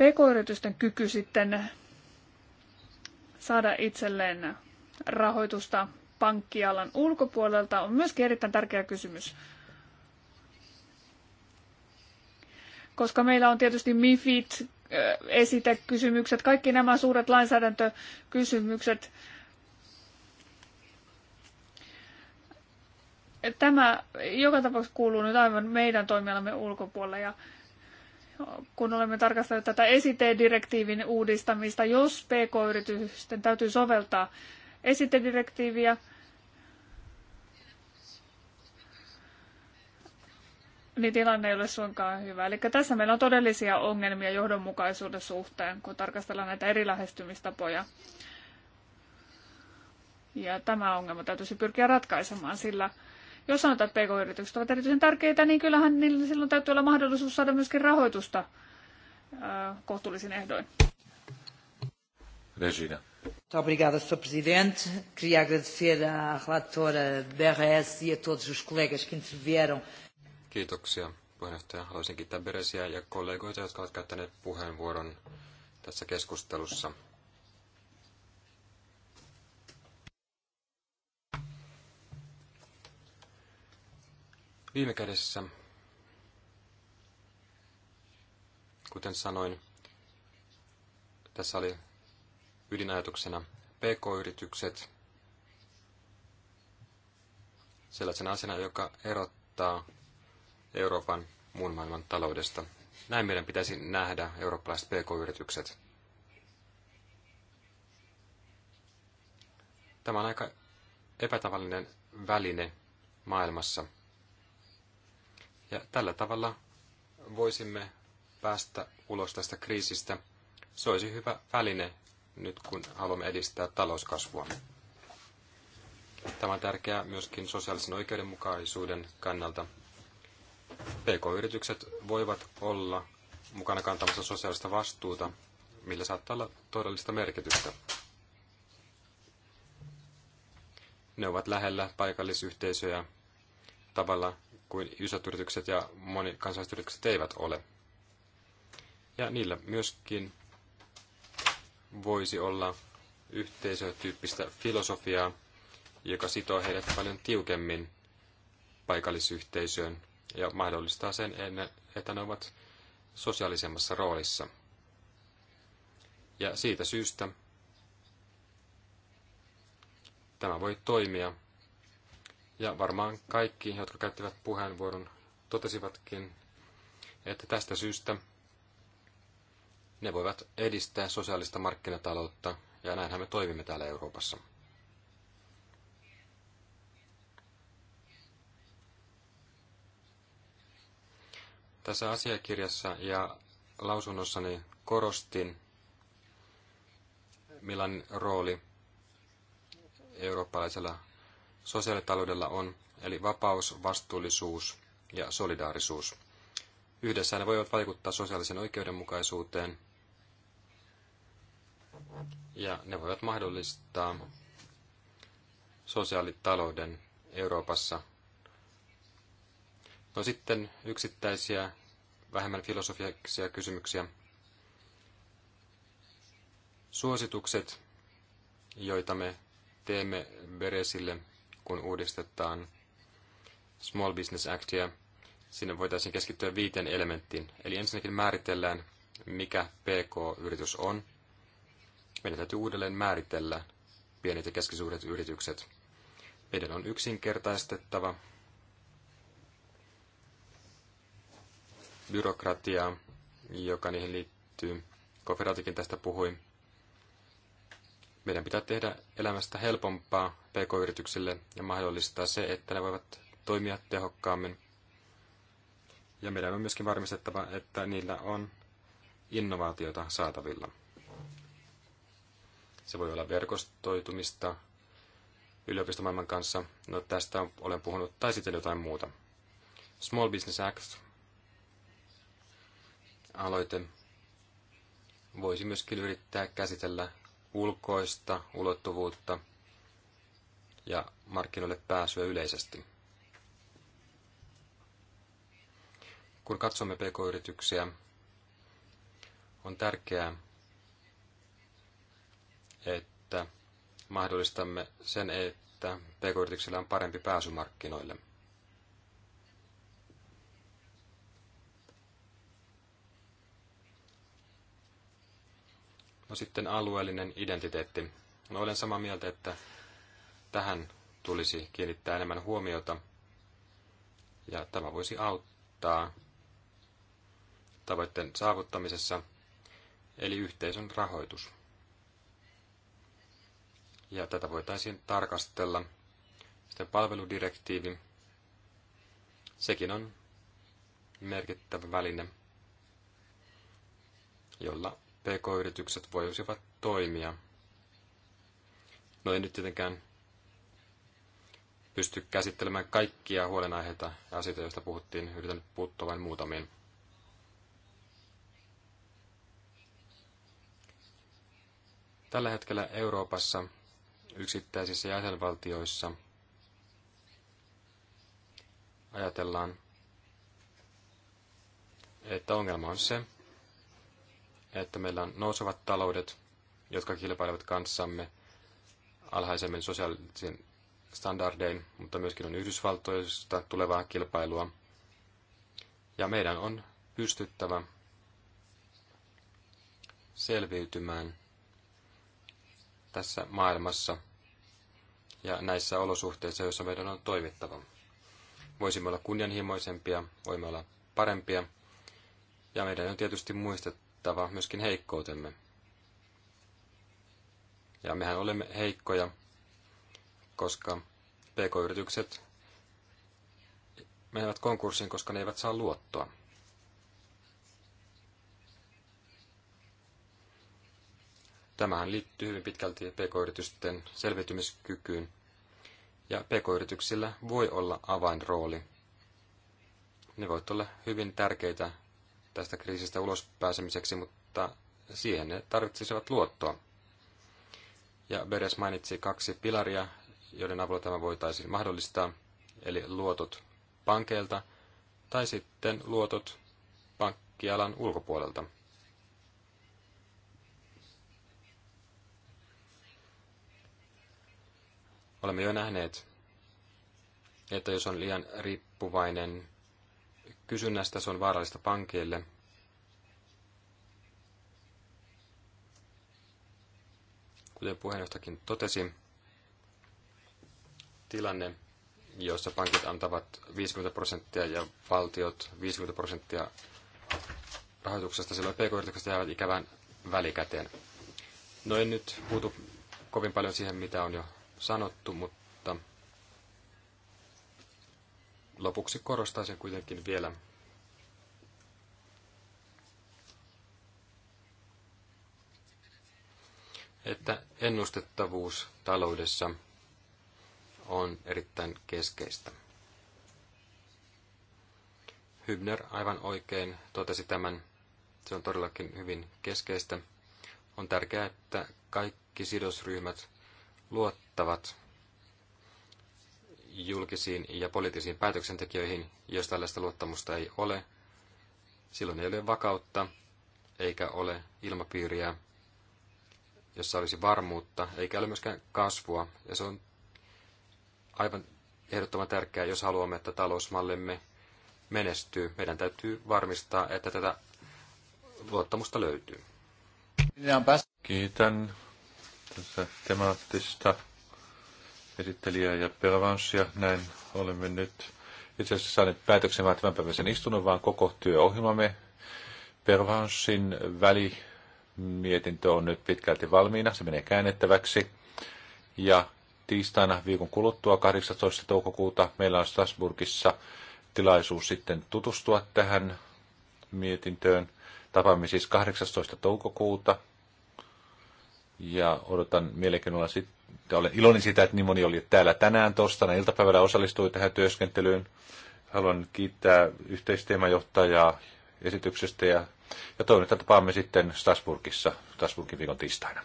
PK-yritysten kyky sitten saada itselleen rahoitusta pankkialan ulkopuolelta on myöskin erittäin tärkeä kysymys. Koska meillä on tietysti MIFID, esitekysymykset, kaikki nämä suuret lainsäädäntökysymykset. Tämä joka tapauksessa kuuluu nyt aivan meidän toimialamme ulkopuolelle ja kun olemme tarkastelleet tätä esitedirektiivin uudistamista, jos PK-yritysten täytyy soveltaa esitedirektiiviä, niin tilanne ei ole suinkaan hyvä. Eli tässä meillä on todellisia ongelmia johdonmukaisuuden suhteen, kun tarkastellaan näitä eri lähestymistapoja. Ja tämä ongelma täytyisi pyrkiä ratkaisemaan, sillä jos sanotaan, että pk-yritykset ovat erityisen tärkeitä, niin kyllähän niillä silloin täytyy olla mahdollisuus saada myöskin rahoitusta kohtuullisin ehdoin. Regina. obrigada, Sr. Presidente. Queria agradecer à relatora BRS e a todos os colegas que intervieram. Kiitoksia, puheenjohtaja. Haluaisin kiittää Beresiä ja kollegoita, jotka ovat käyttäneet puheenvuoron tässä keskustelussa. Viime kädessä, kuten sanoin, tässä oli ydinajatuksena PK-yritykset sellaisena asiana, joka erottaa Euroopan muun maailman taloudesta. Näin meidän pitäisi nähdä eurooppalaiset PK-yritykset. Tämä on aika epätavallinen väline maailmassa – ja tällä tavalla voisimme päästä ulos tästä kriisistä. Se olisi hyvä väline nyt, kun haluamme edistää talouskasvua. Tämä on tärkeää myöskin sosiaalisen oikeudenmukaisuuden kannalta. PK-yritykset voivat olla mukana kantamassa sosiaalista vastuuta, millä saattaa olla todellista merkitystä. Ne ovat lähellä paikallisyhteisöjä tavalla, kuin isot yritykset ja monikansalliset yritykset eivät ole. Ja niillä myöskin voisi olla yhteisötyyppistä filosofiaa, joka sitoo heidät paljon tiukemmin paikallisyhteisöön ja mahdollistaa sen, että ne ovat sosiaalisemmassa roolissa. Ja siitä syystä tämä voi toimia ja varmaan kaikki, jotka käyttivät puheenvuoron, totesivatkin, että tästä syystä ne voivat edistää sosiaalista markkinataloutta, ja näinhän me toimimme täällä Euroopassa. Tässä asiakirjassa ja lausunnossani korostin, millainen rooli eurooppalaisella sosiaalitaloudella on, eli vapaus, vastuullisuus ja solidaarisuus. Yhdessä ne voivat vaikuttaa sosiaalisen oikeudenmukaisuuteen ja ne voivat mahdollistaa sosiaalitalouden Euroopassa. No sitten yksittäisiä vähemmän filosofisia kysymyksiä. Suositukset, joita me teemme Beresille kun uudistetaan Small Business Actia, sinne voitaisiin keskittyä viiteen elementtiin. Eli ensinnäkin määritellään, mikä PK-yritys on. Meidän täytyy uudelleen määritellä pienet ja keskisuuret yritykset. Meidän on yksinkertaistettava byrokratiaa, joka niihin liittyy. Koferatikin tästä puhui. Meidän pitää tehdä elämästä helpompaa pk-yrityksille ja mahdollistaa se, että ne voivat toimia tehokkaammin. Ja meidän on myöskin varmistettava, että niillä on innovaatiota saatavilla. Se voi olla verkostoitumista yliopistomaailman kanssa. No tästä olen puhunut, tai sitten jotain muuta. Small Business Act aloite voisi myöskin yrittää käsitellä ulkoista ulottuvuutta ja markkinoille pääsyä yleisesti. Kun katsomme pk-yrityksiä, on tärkeää, että mahdollistamme sen, että pk-yrityksillä on parempi pääsy markkinoille – No sitten alueellinen identiteetti. No olen samaa mieltä, että tähän tulisi kiinnittää enemmän huomiota. Ja tämä voisi auttaa tavoitteen saavuttamisessa, eli yhteisön rahoitus. Ja tätä voitaisiin tarkastella. Sitten palveludirektiivi. Sekin on merkittävä väline, jolla pk-yritykset voisivat toimia. No ei nyt tietenkään pysty käsittelemään kaikkia huolenaiheita ja asioita, joista puhuttiin. Yritän nyt puuttua vain muutamiin. Tällä hetkellä Euroopassa yksittäisissä jäsenvaltioissa ajatellaan, että ongelma on se, että meillä on nousevat taloudet, jotka kilpailevat kanssamme alhaisemmin sosiaalisin standardein, mutta myöskin on Yhdysvaltoista tulevaa kilpailua. Ja meidän on pystyttävä selviytymään tässä maailmassa ja näissä olosuhteissa, joissa meidän on toimittava. Voisimme olla kunnianhimoisempia, voimme olla parempia, ja meidän on tietysti muistet, tunnustettava myöskin heikkoutemme. Ja mehän olemme heikkoja, koska pk-yritykset menevät konkurssiin, koska ne eivät saa luottoa. Tämähän liittyy hyvin pitkälti pk-yritysten selviytymiskykyyn, ja pk-yrityksillä voi olla avainrooli. Ne voivat olla hyvin tärkeitä tästä kriisistä ulos pääsemiseksi, mutta siihen ne tarvitsisivat luottoa. Ja Beres mainitsi kaksi pilaria, joiden avulla tämä voitaisiin mahdollistaa, eli luotot pankeilta tai sitten luotot pankkialan ulkopuolelta. Olemme jo nähneet, että jos on liian riippuvainen kysynnästä, se on vaarallista pankeille. Kuten puheenjohtajakin totesi, tilanne, jossa pankit antavat 50 prosenttia ja valtiot 50 prosenttia rahoituksesta, silloin pk-yritykset jäävät ikävään välikäteen. No en nyt puutu kovin paljon siihen, mitä on jo sanottu, mutta Lopuksi korostaisin kuitenkin vielä, että ennustettavuus taloudessa on erittäin keskeistä. Hybner aivan oikein totesi tämän. Se on todellakin hyvin keskeistä. On tärkeää, että kaikki sidosryhmät luottavat julkisiin ja poliittisiin päätöksentekijöihin, jos tällaista luottamusta ei ole. Silloin ei ole vakautta, eikä ole ilmapiiriä, jossa olisi varmuutta, eikä ole myöskään kasvua. Ja se on aivan ehdottoman tärkeää, jos haluamme, että talousmallimme menestyy. Meidän täytyy varmistaa, että tätä luottamusta löytyy. Kiitän tästä temaattista esittelijää ja Pelavanssia. Näin olemme nyt itse asiassa saaneet päätöksen vaan tämän päiväisen istunnon, vaan koko työohjelmamme. Pervanssin välimietintö on nyt pitkälti valmiina, se menee käännettäväksi. Ja tiistaina viikon kuluttua 18. toukokuuta meillä on Strasbourgissa tilaisuus sitten tutustua tähän mietintöön. Tapaamme siis 18. toukokuuta ja odotan mielenkiinnolla sitten ja olen iloinen siitä, että niin moni oli täällä tänään torstaina iltapäivällä osallistui tähän työskentelyyn. Haluan kiittää yhteisteemajohtajaa esityksestä ja, ja toivon, että tapaamme sitten Strasburgissa Strasburgin viikon tiistaina.